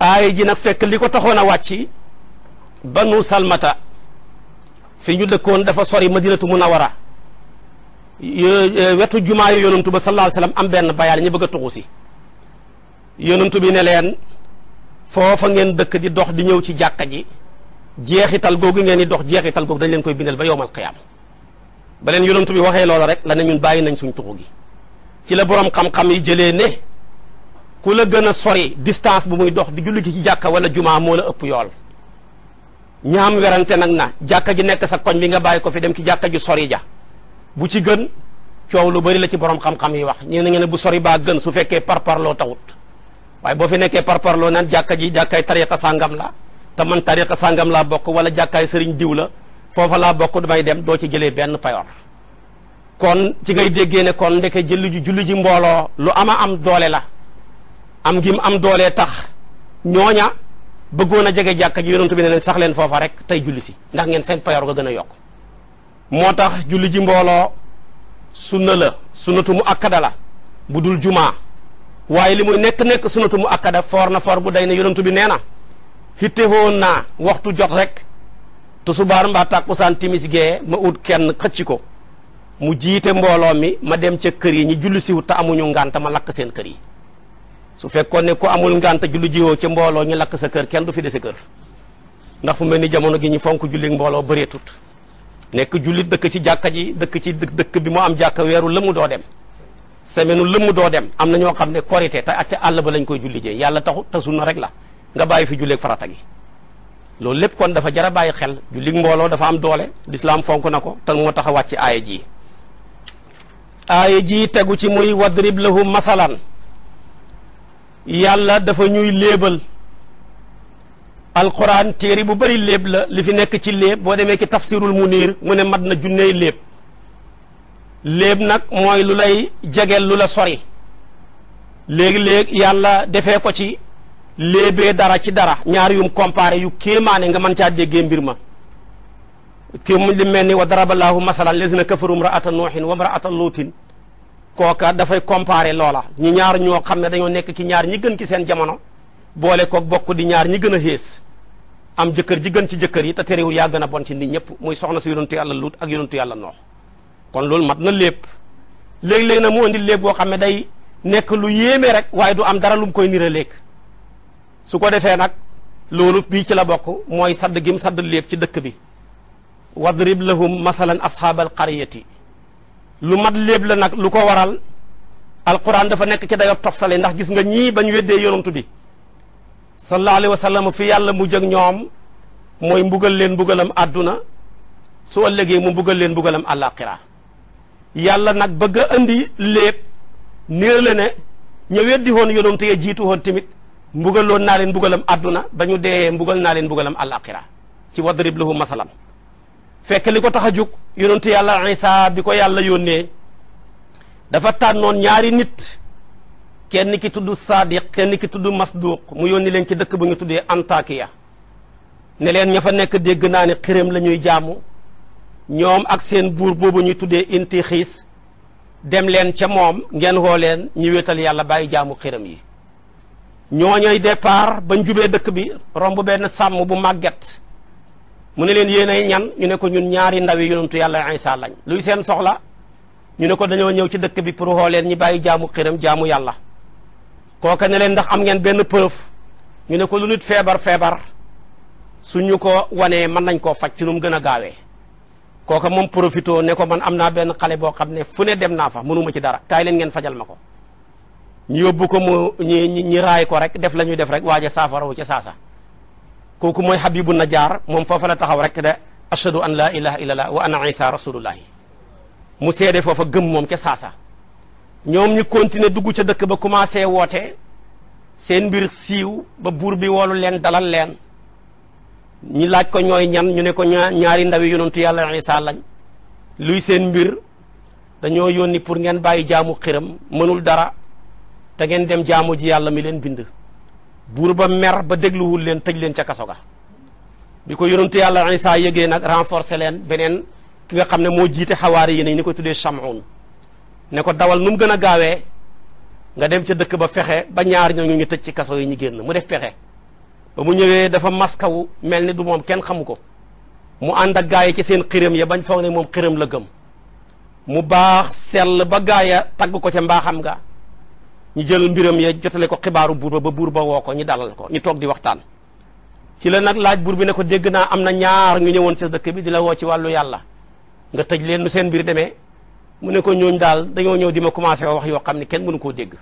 A: aaya ji nag fekk li ko taxoon a wàcc banu salmata fi ñu dëkkoon dafa sori ma madinatu munawara eh, wetu jumaa yu yonantu ba sallallahu alayhi wasallam am benn bayaal ñu bëgg a tuxu si yonantu bi ne leen foofa ngeen dëkk di dox di ñëw ci jàkka ji jeexital googu ngeen di dox jeexital googu dañ leen koy bindal ba yowmal qiyaam ba leen yonantu bi waxee loola rek la ne ñun bàyyi nañ suñ tuxu gi ci la borom xam-xam yi jëlee ne ku la gën a sori distance bu muy dox di julli ci jàkka wala jumaa moo la ëpp yool ñaam werante nag na jàkka ji nekk sa koñ bi nga bàyyi ko fi dem ci jàkka ju sori ja bu ci gën coow lu bari la ci borom xam-xam yi wax ñi na ngeen bu sori baa gën su fekkee par parparloo tawut waaye boo fi nekkee parloo naan jàkka ji jàkkaay tariqa sàngam la te man tariqa sàngam laa bokk wala jàkkaay sëriñ diw la foofa laa bokk damay dem doo ci jëlee benn payoor kon ci ngay déggee ne kon ndeke jëlli ji julli ji mbooloo lu ama am doole la am gi am doole tax ñooña bëggoon a jege jàkka ji yonent bi ne leen sax leen foofa rek tey julli si ndax ngeen seen payoor ga gën a yokk moo tax julli ji mbooloo sunna la sunnatu mu akkada la bu dul jumaa waaye li muy nekk-nekk sunnatu mu akkada foor na foor bu day ne yonent bi nee na hitte woon naa waxtu jot rek tusubaar mbaa tàkkusaan timis gee ma ut kenn xëcc ko mu jiite mbooloo mi ma dem ca kër yi ñi julli siwut te amuñu ngànta ma lakk seen kër yi su fekkoon ne ku amul ngànta julli jiwoo ci mbooloo ñu lakk sa kër kenn du fi de sa kër ndax fu mel ni jamono gi ñu fonk julli mbooloo bëreetut nekk jullit dëkk ci jàkka ji dëkk ci dëkk bi mu am jàkka weeru lëmm doo dem semaine lëmm doo dem am na ñoo xam ne korité te ak ca àll ba lañ koy julli yàlla taxu te sunna rek la nga bàyyi fi julleeg farata gi loolu lépp kon dafa jara bàyyi xel jullig mbooloo dafa am doole lislaam fonk na ko te moo tax a wàcc aaya ji ji tegu ci muy wadrib lahum masalan yàlla dafa ñuy léebal alquran téere bu bari léeb la li fi nekk ci léeb boo demee ci tafsirul munir mu ne mat na junney léeb léeb nag mooy lu lay jegeel lu la sori léegi-léegi yàlla defee ko ci léebee dara ci dara ñaar yum comparé yu kéemaane nga mën caa déggee mbir ma kii mu li ni wa daraba laahu masalan lazina kafaru imra'ata nuuhin wa imra'ata luutin kooka dafay comparer loola ñi ñaar ñoo xam ne dañoo nekk ci ñaar ñi gën ci seen jamono boole koog bokk di ñaar ñi gën a xées am jëkkër ji gën ci jëkkër yi te terewul yaa gën a bon ci nit ñëpp muy soxna si yonentu yàlla lut ak yonentu yàlla noox kon loolu mat na lépp léeg-léeg na mu indi lépp boo xam ne day nekk lu yéeme rek waaye du am dara lu mu koy nira léeg su ko defee nag loolu bii ci la bokk mooy sadd gim sadd lépp ci dëkk bi wadrib lahum masalan ashaabal qaryati lu mat léeb la nag lu ko waral alquran dafa nekk ci dayob toftale ndax gis nga ñii ba ñu weddee yonantu bi sallallahu alayhi wa sallam fi yàlla mu jëg ñoom mooy mbugal leen mbugalam àdduna su ëllëgee mu mbugal leen mbugalam àllaaxira yàlla nag bëgg a léeb niir la ne ña weddi woon yonantu ya jiitu woon tamit mbugaloon naa leen mbugalam àdduna ba ñu dee mbugal naa leen mbugalam àllaaxira ci wadrib lahu masalan fekk li ko tax a jug yonentu yàlla Isa bi ko yàlla yónnee dafa tànnoon ñaari nit kenn ki tudd Sadiq kenn ki tudd Masduq mu yónni leen ci dëkk bu ñu tuddee Antakiya ne leen ña fa nekk dégg naa ne xiram la ñuy jaamu ñoom ak seen buur boobu ñuy tuddee inti xiis dem leen ca moom ngeen woo leen ñu wéetal yàlla bàyyi jaamu xiram yi ñooñoy départ ba njubee dëkk bi romb benn sàmm bu màgget mu ne leen yéen ay ñan ñu ne ko ñun ñaari ndawi yonentu yàlla Isa lañ luy seen soxla ñu ne ko dañoo ñëw ci dëkk bi pour xoo ñi bàyyi jaamu xiram jaamu yàlla kooka ne leen ndax am ngeen benn preuve ñu ne ko lu nit feebar feebar suñu ko wanee mën nañ koo faj ci nu mu gën a gaawee kooka moom profito ne ko man am naa benn xale boo xam ne fu ne dem naa fa mënuma ci dara kaay leen ngeen fajal ma ko ñu yóbbu ko mu ñi ñi raay ko rek def la ñuy def rek waaja saafarawu ca saasa kooku mooy Habibu Najjar moom foofa la taxaw rek de ashhadu an laa ilaha illallah wa anna isa rasulullahi mu seede foofa gëm moom ca saasa ñoom ñu continuer dugg ca dëkk ba commencé woote seen mbir siiw ba buur bi woolu leen dalal leen ñi laaj ko ñooy ñan ñu ne ko ñaari ndawi yonentu yàlla isa lañ luy seen mbir dañoo yónni pour ngeen bàyyi jaamu xiram mënul dara te ngeen dem jaamu ji yàlla mi leen bind buur ba mer ba dégluwul leen tëj leen ca kaso ga bi ko yonentu yàlla saa yëgee nag renforcer leen beneen ki nga xam ne moo jiite xawaari yi nañ ni ko tuddee Sam'un ne ko dawal nu mu gën a gaawee nga dem ca dëkk ba fexe ba ñaar ñooñu ñu tëj ci kaso yi ñu génn mu def pexe ba mu ñëwee dafa maskaw mel ni du moom kenn xamu ko mu ànd ak gaay yi ci seen xiram ya bañ foog ne moom xiram la gëm mu baax sell ba gaaya tagg ko ca mbaaxam ga ñu jël mbiram ya jotale ko xibaaru buur ba buur ba woo ko ñu dalal ko ñu toog di waxtaan ci la nag laaj buur bi ne ko dégg naa am na ñaar ñu ñëwoon sa dëkk bi di la woo ci wàllu yàlla nga tëj leen nu seen mbir demee mu ne ko ñooñ daal dañoo ñëw di ma commencé wax yoo xam ni kenn mënu koo dégg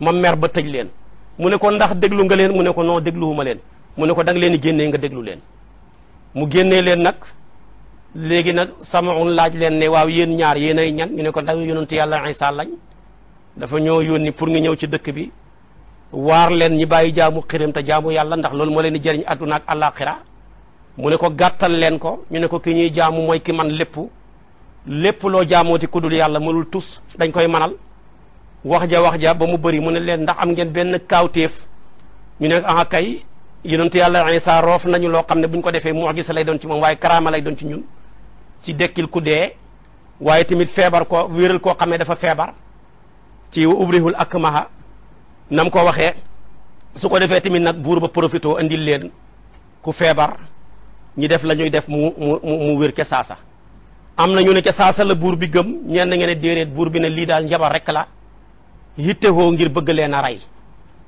A: ma mer ba tëj leen mu ne ko ndax déglu nga leen mu ne ko non dégluwuma leen mu ne ko da nga leen di génnee nga déglu leen mu génnee leen nag léegi nag samaun laaj leen ne waaw yéen ñaar yéen ay ñan ñu ne ko ndax yàlla Isa lañ dafa ñoo yónni pour nga ñëw ci dëkk bi waar leen ñi bàyyi jaamu xirim te jaamu yàlla ndax loolu moo leen di jariñ àdduna ak àllaaxira mu ne ko gàttal leen ko ñu ne ko ki ñuy jaamu mooy ki man lépp lépp loo jaamooti ti kuddul yàlla mënul tus dañ koy manal wax ja wax ja ba mu bari mu ne leen ndax am ngeen benn kaawteef ñu ne ah kay yonent yàlla Isaa roof nañu loo xam ne bu ñu ko defee mu'jiza lay doon ci moom waaye karaama lay doon ci ñun ci dekkil ku dee waaye tamit feebar ko wéeral koo xam ne dafa feebar ci wa ubrihul ak maha nam ko waxee su ko defee tamit nag buur ba profité andil leen ku feebar ñi def la ñuy def mu mu mu wér ke saasa am na ñu ne ca saasa la buur bi gëm ñenn ngeen ne déedéet buur bi ne lii daal njabar rek la yittewoo ngir bëgg leen a rey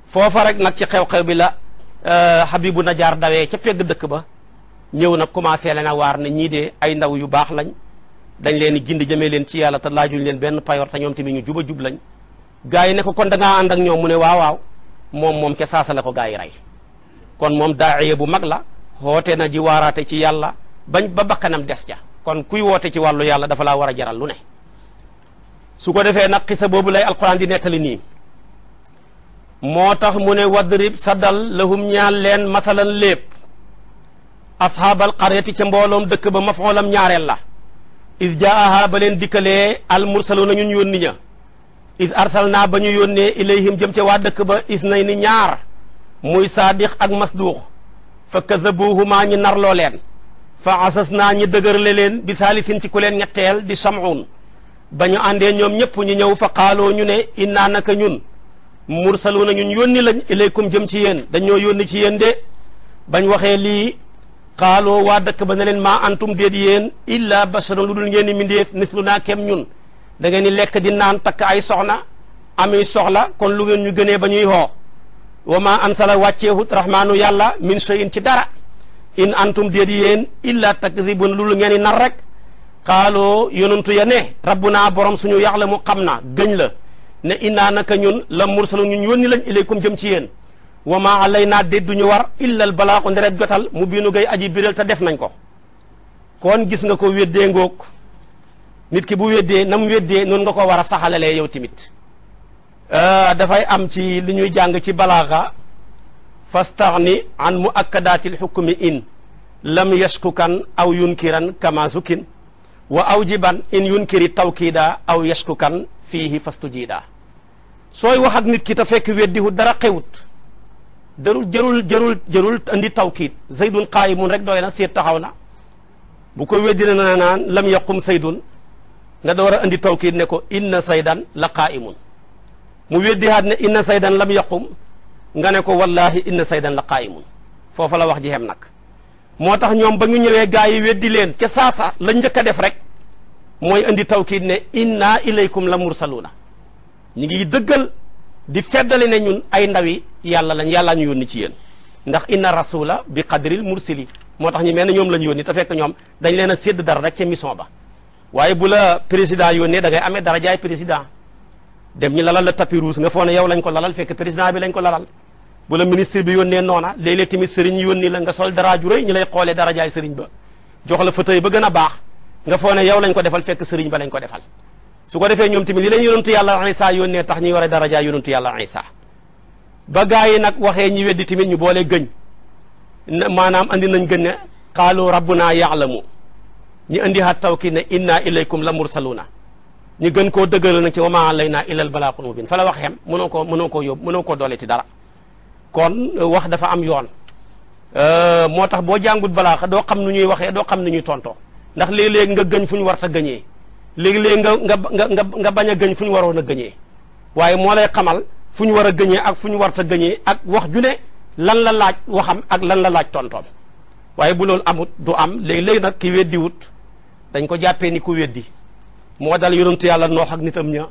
A: foofa rek nag ci xew-xew bi la euh, Habibu Najaar dawee ca pegg dëkk ba ñëw nag commencé leen a waar na ñii de ay ndaw yu baax lañ dañ leen di gindi jëmee leen ci yàlla ta laajuñ leen benn payoor te ñoom tamit ñu juba jub lañ gaa yi ne ko kon da ngaa ànd ak ñoom mu ne waaw waaw moom moom ke saasa la ko gaa yi rey kon moom daa'iya bu mag la xoote na jiwaaraate ci yàlla bañ ba bakkanam des ca kon kuy woote ci wàllu yàlla dafa laa war a jaral lu ne su ko defee nag xisa boobu lay alquran di nettali nii moo tax mu ne wadrib sadal lahum ñaan leen masalan lépp ashaabal qaryati ca mbooloom dëkk ba mafoolam ñaareel la is jaaha ba leen dikkalee al mursaluuna ñun yónni ña is arsalna ba ñu yónnee ilayhim jëm ca waa dëkk ba is nay ni ñaar muy saadiq ak masduux fa ma ñi narloo leen fa asas naa ñi dëgërle leen bi saalisin ci ku leen ñetteel di sam'un ba ñu àndee ñoom ñëpp ñu ñëw fa xaaloo ñu ne innaa naka ñun mursaluuna ñun yónni lañ ilaykum jëm ci yéen dañoo yónni ci yéen de bañ waxee lii xaaloo waa dëkk ba ne leen maa antum déet illa illaa basharun lu dul ngeen di mindéef mislu naa kem ñun da ngeen di lekk di naan takk ay soxna ami soxla kon lu ngeen ñu gënee ba ñuy xoo wa ma ansala wàcceehut rahmaanu yàlla min shay'in ci dara in antum déet yéen illa takdibun lu ngeen di nar rek xaaloo yonantu ya ne rabbunaa borom suñu yàlla mu xam na gëñ la ne innaa naka ñun la mursalun ñu yónni lañ ilaykum jëm ci yéen wa maa alaynaa déet ñu war illal balaaxu nderet jotal mu biinu gay aji biral te def nañ ko kon gis nga ko weddee ngoog nit ki bu weddee na mu weddee noonu nga ko war a saxalalee yow tamit euh, dafay am ci li ñuy jàng ci balaaga fastaxni an mu akkadaatil xukmi in lam yashkukan aw yunkiran kama zukin wa awjiban in yunkiri tawkiida aw yashkukan fiihi fastujiida sooy wax ak nit ki te fekk weddihu dara xewut jarul jarul jarul jarul andi tawkiid zaydun qaayimun rek doy na seet taxaw na bu ko weddi na naan lam yaqum zaydun nga door a andi tawkiid ne ko inna saydan la qaa'imun mu weddihaat ne inna saydan lam yaqum nga ne ko wallahi inna saydan la qaa'imun foofa la wax ji xem nag moo tax ñoom ba ñu ñëwee gaa yi weddi leen ca saasa la njëkk a def rek mooy andi tawkiid ne inna ilaykum la mursaluuna ñu ngi dëggal di feddali ne ñun ay ndawi yàlla lañ yàlla ñu yónni ci yéen ndax inna rasula bi qadril mursili moo tax ñu mel ne ñoom lañ yónni te fekk ñoom dañ leen a sédd dara rek ca ba waaye bu la président yónnee da ngay amee darajaay président dem ñu lalal la tapis rouge nga foo ne yow lañ ko lalal fekk président bi lañ ko lalal bu la ministre bi yónnee noona léeg-léeg tamit yoon yónni la nga sol dara ju rëy ñu lay xoolee darajaay sëriñ ba jox la fauteuil ba gën a baax nga foo ne yow lañ ko defal fekk sëriñ ba lañ ko defal su ko defee ñoom tamit li leen yonentu yàlla Isa yónnee tax ñuy war a darajaay yonentu yàlla Isa ba gaa yi nag waxee ñi weddi tamit ñu boolee gëñ maanaam andi nañ gën ne xaalu rabbuna yaalamu ñi indi taw kii ne inna ilaykum la mursaluna ñu gën koo dëgëral nag ci wa maa alaynaa illal balaaqul mubiin fa la wax xem mënoo koo mënoo koo yóbbu mënoo koo doole ci dara kon euh, wax dafa am yoon euh, moo tax boo jàngut balaaxa doo xam nu ñuy waxee doo xam nu ñuy tontoo ndax léeg-léeg nga gëñ fu ñu warta gëñee léegi-léeg nga nga nga nga bañ a gëñ fu ñu waroon a gëñee waaye moo lay xamal fu ñu war a gëñee ak fu ñu warta gëñee ak wax ju ne lan la laaj waxam ak lan la laaj tontoom waaye bu loolu amut du am léegi-léegi nag kii ki diwut dañ ko jàppee ni ku weddi moo dal yonentu yàlla noox ak nitam ña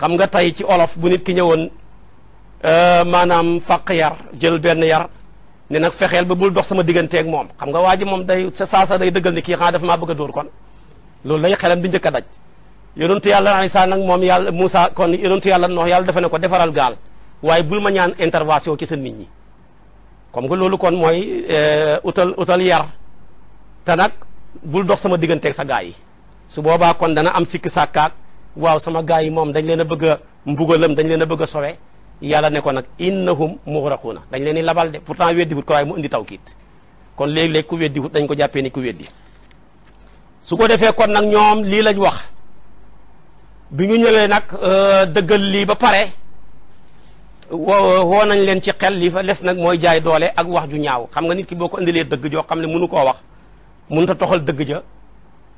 A: xam nga tey ci olof bu nit ki ñëwoon euh, maanaam fàq yar jël benn yar ne nag fexeel ba bul dox sama digganteeg moom xam nga waa ji moom day sa saasa day dëggal ni kii xanaa dafa maa bëgg a kon loolu lay xelam di njëkk a daj yonentu yàlla Isaa nag moom yàlla Moussa kon yonentu yàlla noox yàlla dafa ne ko defaral gaal waaye bul ma ñaan intervention ci sa nit ñi comme que loolu kon mooy euh, utal utal yar bul dox sama digganteeg sa gaa yi su boobaa kon dana am sikki sàkkaak waaw sama gaa yi moom dañ leen a bëgg a mbugalam dañ leen a bëgg a sowe yàlla ne ko nag innahum muxraquuna dañ leen di labal de pourtant weddiwut ko waaye mu indi tawkiit kon léeg-léeg ku weddiwut dañ ko jàppee ni ku weddi su ko defee kon nag ñoom lii lañ wax bi ñu ñëwee nag euh, dëggal lii ba pare woo nañ leen ci xel lii fa les nag mooy jaay doole ak wax ju ñaaw xam nga nit ki boo ko indilee dëgg joo xam ne mënu koo wax mënut a toxal dëgg ja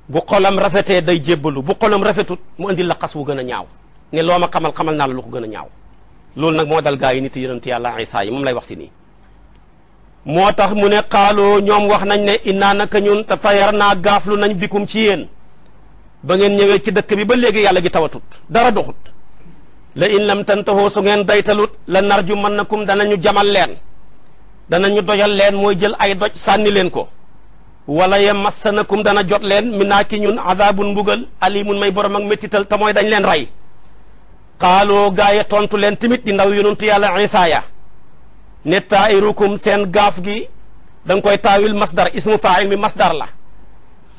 A: bu xolam rafetee day jébbalu bu xolam rafetut mu indi la xas wu gën a ñaaw ne loo ma xamal xamal naa la lu ko gën a ñaaw loolu nag moo dal gaa yi nit yonent yàlla Isaa yi moom lay wax si nii moo tax mu ne xaaloo ñoom wax nañ ne innaa naka ñun te tayar naa gaaflu nañ bikum ci yéen ba ngeen ñëwee ci dëkk bi ba léegi yàlla gi tawatut dara doxut la in lam tantahoo su ngeen daytalut la narju man nakum danañu jamal leen danañu dojal leen mooy jël ay doj sànni leen ko wala yamassanakum dana jot leen mi naa ci ñun azabun mbugal alimun may boro mag méttital te mooy dañ leen rey xaaloo gaa tontu leen tamit di ndaw yonentu yàlla Isaa ya ne taa'irukum seen gaaf gi da koy taawil masdar ismu faa'il mi masdar la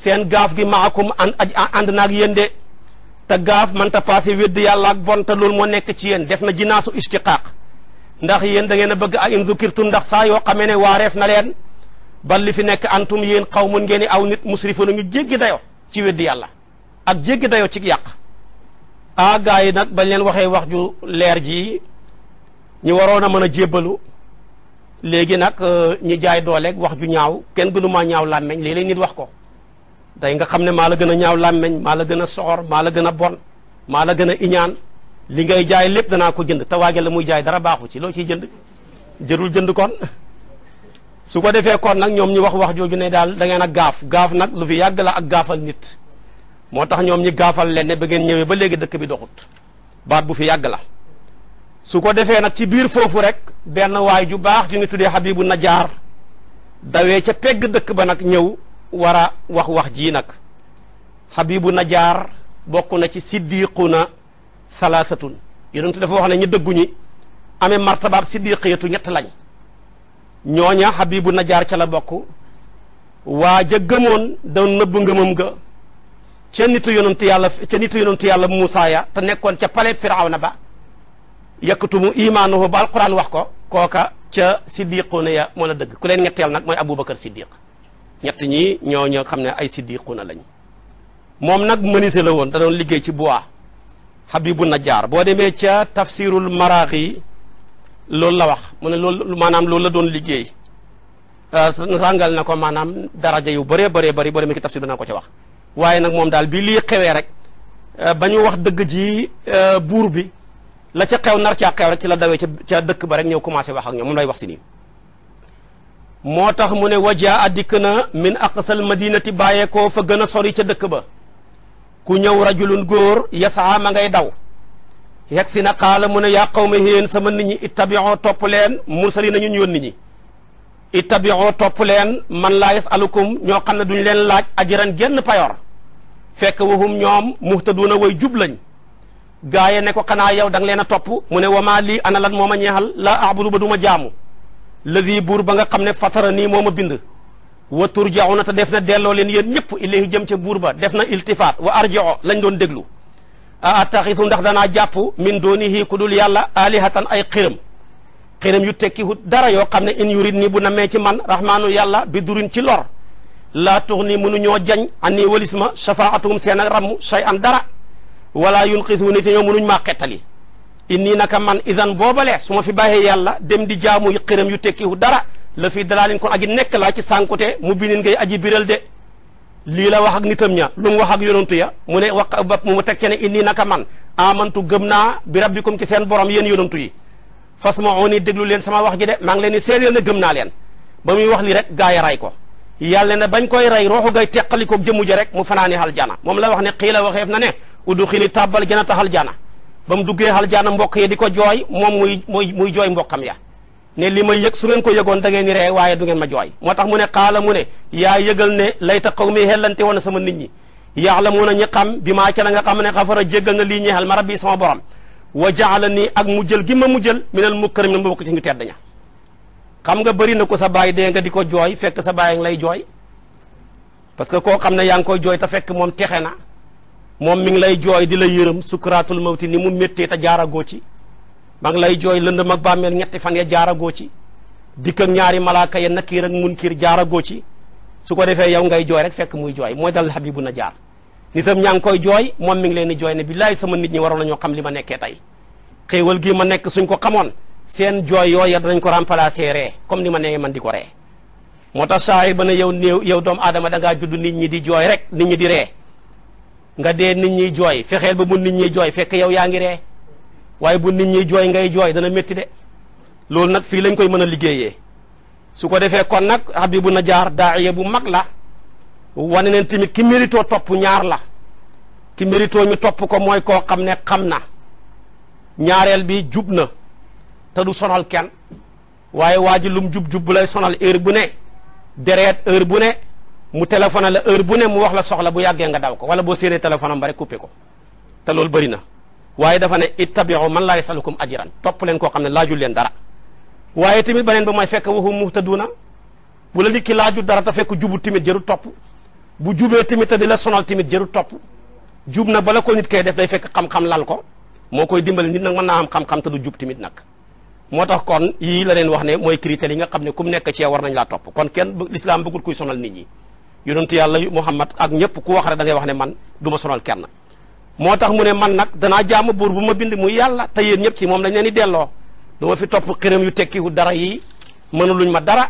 A: seen gaaf gi maakum an aj ànd naag yéen de te gaaf man ta passé wedd yàlla ak bon te loolu moo nekk ci yéen def na jinaasu istiqaaq ndax yéen da ngeen a bëgg a in zukirtum ndax saa yoo xamee ne waareef na leen bal li fi nekk antum yéen xawmun ngeen aw nit musrifu na ñu jéggi dayo ci weddi yàlla ak jéggi dayo ci yàq a gaa yi nag bañ leen waxee wax ju leer ji ñi waroon a mën a jébbalu léegi nag euh, ñi jaay dooleeg wax ju ñaaw kenn gënu maa ñaaw làmmeñ léeg-léeg nit wax ko day nga xam ne maa la gën a ñaaw làmmeñ maa la gën a soxor maa la gën a bon maa la gën a iñaan li ngay jaay lépp danaa ko jënd te waage la muy jaay dara baaxu ci loo ciy jënd jërul jënd kon su ko defee kon nag ñoom ñu wax wax jooju ne daal dangeen a gaaf gaaf nag lu fi yàgg la ak gaafal nit moo tax ñoom ñi gaafal leen ne ba ngeen ñëwee ba léegi dëkk bi doxut baat bu fi yàgg la su ko defee nag ci biir foofu rek benn waay ju baax ju ngi tuddee Habibu Najaar dawee ca pegg dëkk ba nag ñëw wara wax wax jii nag Habibu Najaar bokk na ci na siddiquna salaasatun yonentu dafa wax ne ñu dëgguñi amee martabaab siddiqiyatu ñett lañ ñooña Habibu Najaar ca la bokk waa ja gëmoon doon nëbb ngëmam ga ca nitu yonantu yàlla ca yàlla Muusaa ya te nekkoon ca pale Firawna ba yaktumu iimaanuhu ba alquran wax ko kooka ca siddiquuna ya moo la dëgg ku leen ñetteel nag mooy Aboubacar Siddiq ñett ñi ñooñu xam ne ay siddiquuna lañ moom nag menuisier la woon da doon liggéey ci bois Habibu Najaar boo demee ca tafsirul maraaxi loolu la wax mu ne lool maanaam loolu la doon liggéey euh, ràngal na ko maanaam daraja yu bëree bëree bëri boo demee ki tafsir bi naa ko ca wax waaye nag moom daal bi lii xewee rek euh, ba ñu wax dëgg ji euh, buur bi la ca xew nar caa xew rek ci la dawee ca dëkk ba rek ñëw commencé wax ak ñoom moom lay wax si nii moo tax mu ne wajaa adikk na min aqsal madinati bàyyeekoo fa gën a sori ca dëkk ba ku ñëw rajulun góor yasaa ma ngay daw yegg si na xaala mu ne yaa qawmi sa mën nit ñi ittabi'u topp leen mursali nañu ñu yónni ñi ittabi'u topp leen man laa yasalukum ñoo xam ne duñu leen laaj ajiran genn payoor fekk wahum ñoom muhtaduuna way jub lañ gaaye ne ko xanaa yow da leen a topp mu ne wamaa lii ana lan moo ma ñeexal laa abudu ba du ma jaamu lazi buur ba nga xam ne fatara nii moo ma bind wa turjauna te def na delloo leen yéen ñëpp ilayhi jëm ca buur ba def na iltifaat wa arjoo lañ doon déglu a attaxisu ndax danaa jàpp min doonihi ku dul yàlla alihatan ay xiram xiram yu tekkiwut dara yoo xam ne in yurid nii bu namee ci man rahmaanu yàlla bi durin ci lor laa tux nii mënu ñoo jañ annii walis ma shafaatuhum seen ak ramm shay an dara wala yunqisuuni te ñoo ñu maa xettali inni naka man idan boobale su ma fi bàyyee yàlla dem di jaamu xiram yu tekkiwut dara la fii dalaalin kon aji nekk laa ci sànkute mu binin ngay aji biral de lii la wax ak nitam ña lu mu wax ak yonantu ya mu ne wax mu teg ci ne inni naka man amantu gëm naa bi rabbikum ci seen borom yéen yonantu yi ma fasma'uni déglu leen sama wax ji de maa ngi leen di seedeel ne gëm naa leen ba muy wax lii rek gaa ya ray ko yàlla na bañ koy rey rooxu gay teqalikoo jëmu ji rek mu fanaani aljana moom la wax ne xiila waxeef na ne u udxili tàbbal janata aljana ba mu duggee aljana mbokk yi di ko jooy moom muy muy muy jooy mbokkam ya ne li ma yëg su ngeen ko yëgoon da ngeen ni ree waaye du ngeen ma jooy moo tax mu ne xaala mu ne yaa yëgal ne layta xaw mi xellante woon sama nit ñi la mu yaxlamuuna ñi xam bi maa ca la nga xam ne xafara jéggal na lii ñeexal ma rabbi sama borom wa jaala nii ak mu jël gi ma mu jël minal mukarramin ma bokk ci ñu tedd ña xam nga bëri na ko sa baay dee nga di ko jooy fekk sa baay ngi lay jooy parce que koo xam ne yaa ngi koy jooy te fekk moom texe na moom mi ngi lay jooy di la yërëm sukraatul mawti ni mu méttee te jaaragoo ci maa lay jooy lëndëm ak bàmmeel ñetti fan ya jaaragoo ci dikk ñaari malaaka ya nakiir mun kiir jaaragoo ci su ko defee yow ngay jooy rek fekk muy jooy mooy dal xabibu na jaar nitam ñaa ngi koy jooy moom mi ngi leen di jooy ne billaay sama nit ñi waroon nañoo xam li ma nekkee tey xéewal gii ma nekk suñ ko xamoon seen jooy yooya nañ ko remplacer ree comme ni ma nee man di ko ree moo tax saay ba ne yow néew yow doomu aadama da judd nit ñi di jooy rek nit ñi di nga dee nit ñiy jooy fexeel ba mu nit ñi jooy fekk yow yaa ngi ree waaye bu nit ñi jooy ngay jooy dana métti de loolu nag fii lañ koy mën a liggéeyee su ko defee kon nag bu Habibu Najjaar daaya bu mag la wane neen tamit ki topp ñaar la ki ñu topp ko mooy koo xam ne xam na ñaareel bi jub na te du sonal kenn waaye waa ji lum jub-jub bu lay sonal heure bu ne dereet heure bu ne mu téléphone la heure bu ne mu wax la soxla bu yàggee nga daw ko wala boo séenee téléphone am ba ko te loolu bari na waaye dafa ne ittabi'u man laa yasalukum ajran topp leen koo xam ne laaju leen dara waaye tamit beneen ba mooy fekk waxu muhtaduna bu la nit ki laajul dara ta fekk jubu tamit jëru topp bu jubee tamit te di la sonal tamit jëru topp jub na bala ko nit kay def day fekk xam-xam lal ko moo koy dimbali nit nag mën naa am xam-xam te du jub tamit nag moo tax kon yii la leen wax ne mooy critères yi nga xam ne ku mu nekk ci war nañ laa topp kon kenn l'islam bëggul kuy sonal nit ñi yonentu yàlla Muhammad ak ñëpp ku wax da ngay wax ne man du ma sonal kenn moo tax mu ne man nag danaa jaamu buur bu ma bind muy yàlla te yéen ñëpp ci moom dañ leen di delloo du ma fi topp xërëm yu tekkiwu dara yi luñ ma dara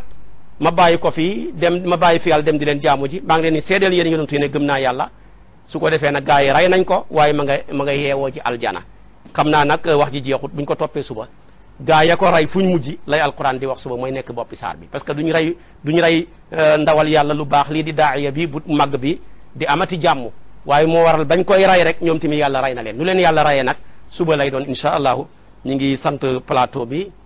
A: ma bàyyi ko fi dem ma bàyyi fi yàlla dem di leen jaamu ji maa ngi leen di seedeel yéen yonent yi ne gëm naa yàlla su ko defee nag gars yi rey nañ ko waaye ma nga ma nga yeewoo ji aljana xam naa nag euh, wax ji jeexut buñ ko toppee suba gaa ya ko rey ñu mujj lay alquran di wax suba mooy nekk boppi saar bi parce que duñu rey duñu rey euh, ndawal yàlla lu baax lii di daaya bi bu màgg bi di amati jàmm waaye moo waral bañ koy ray rek ñoom tamit yàlla ray na leen nu leen yàlla rayee nag suba lay doon incha allahu ñu ngi sant plateau bi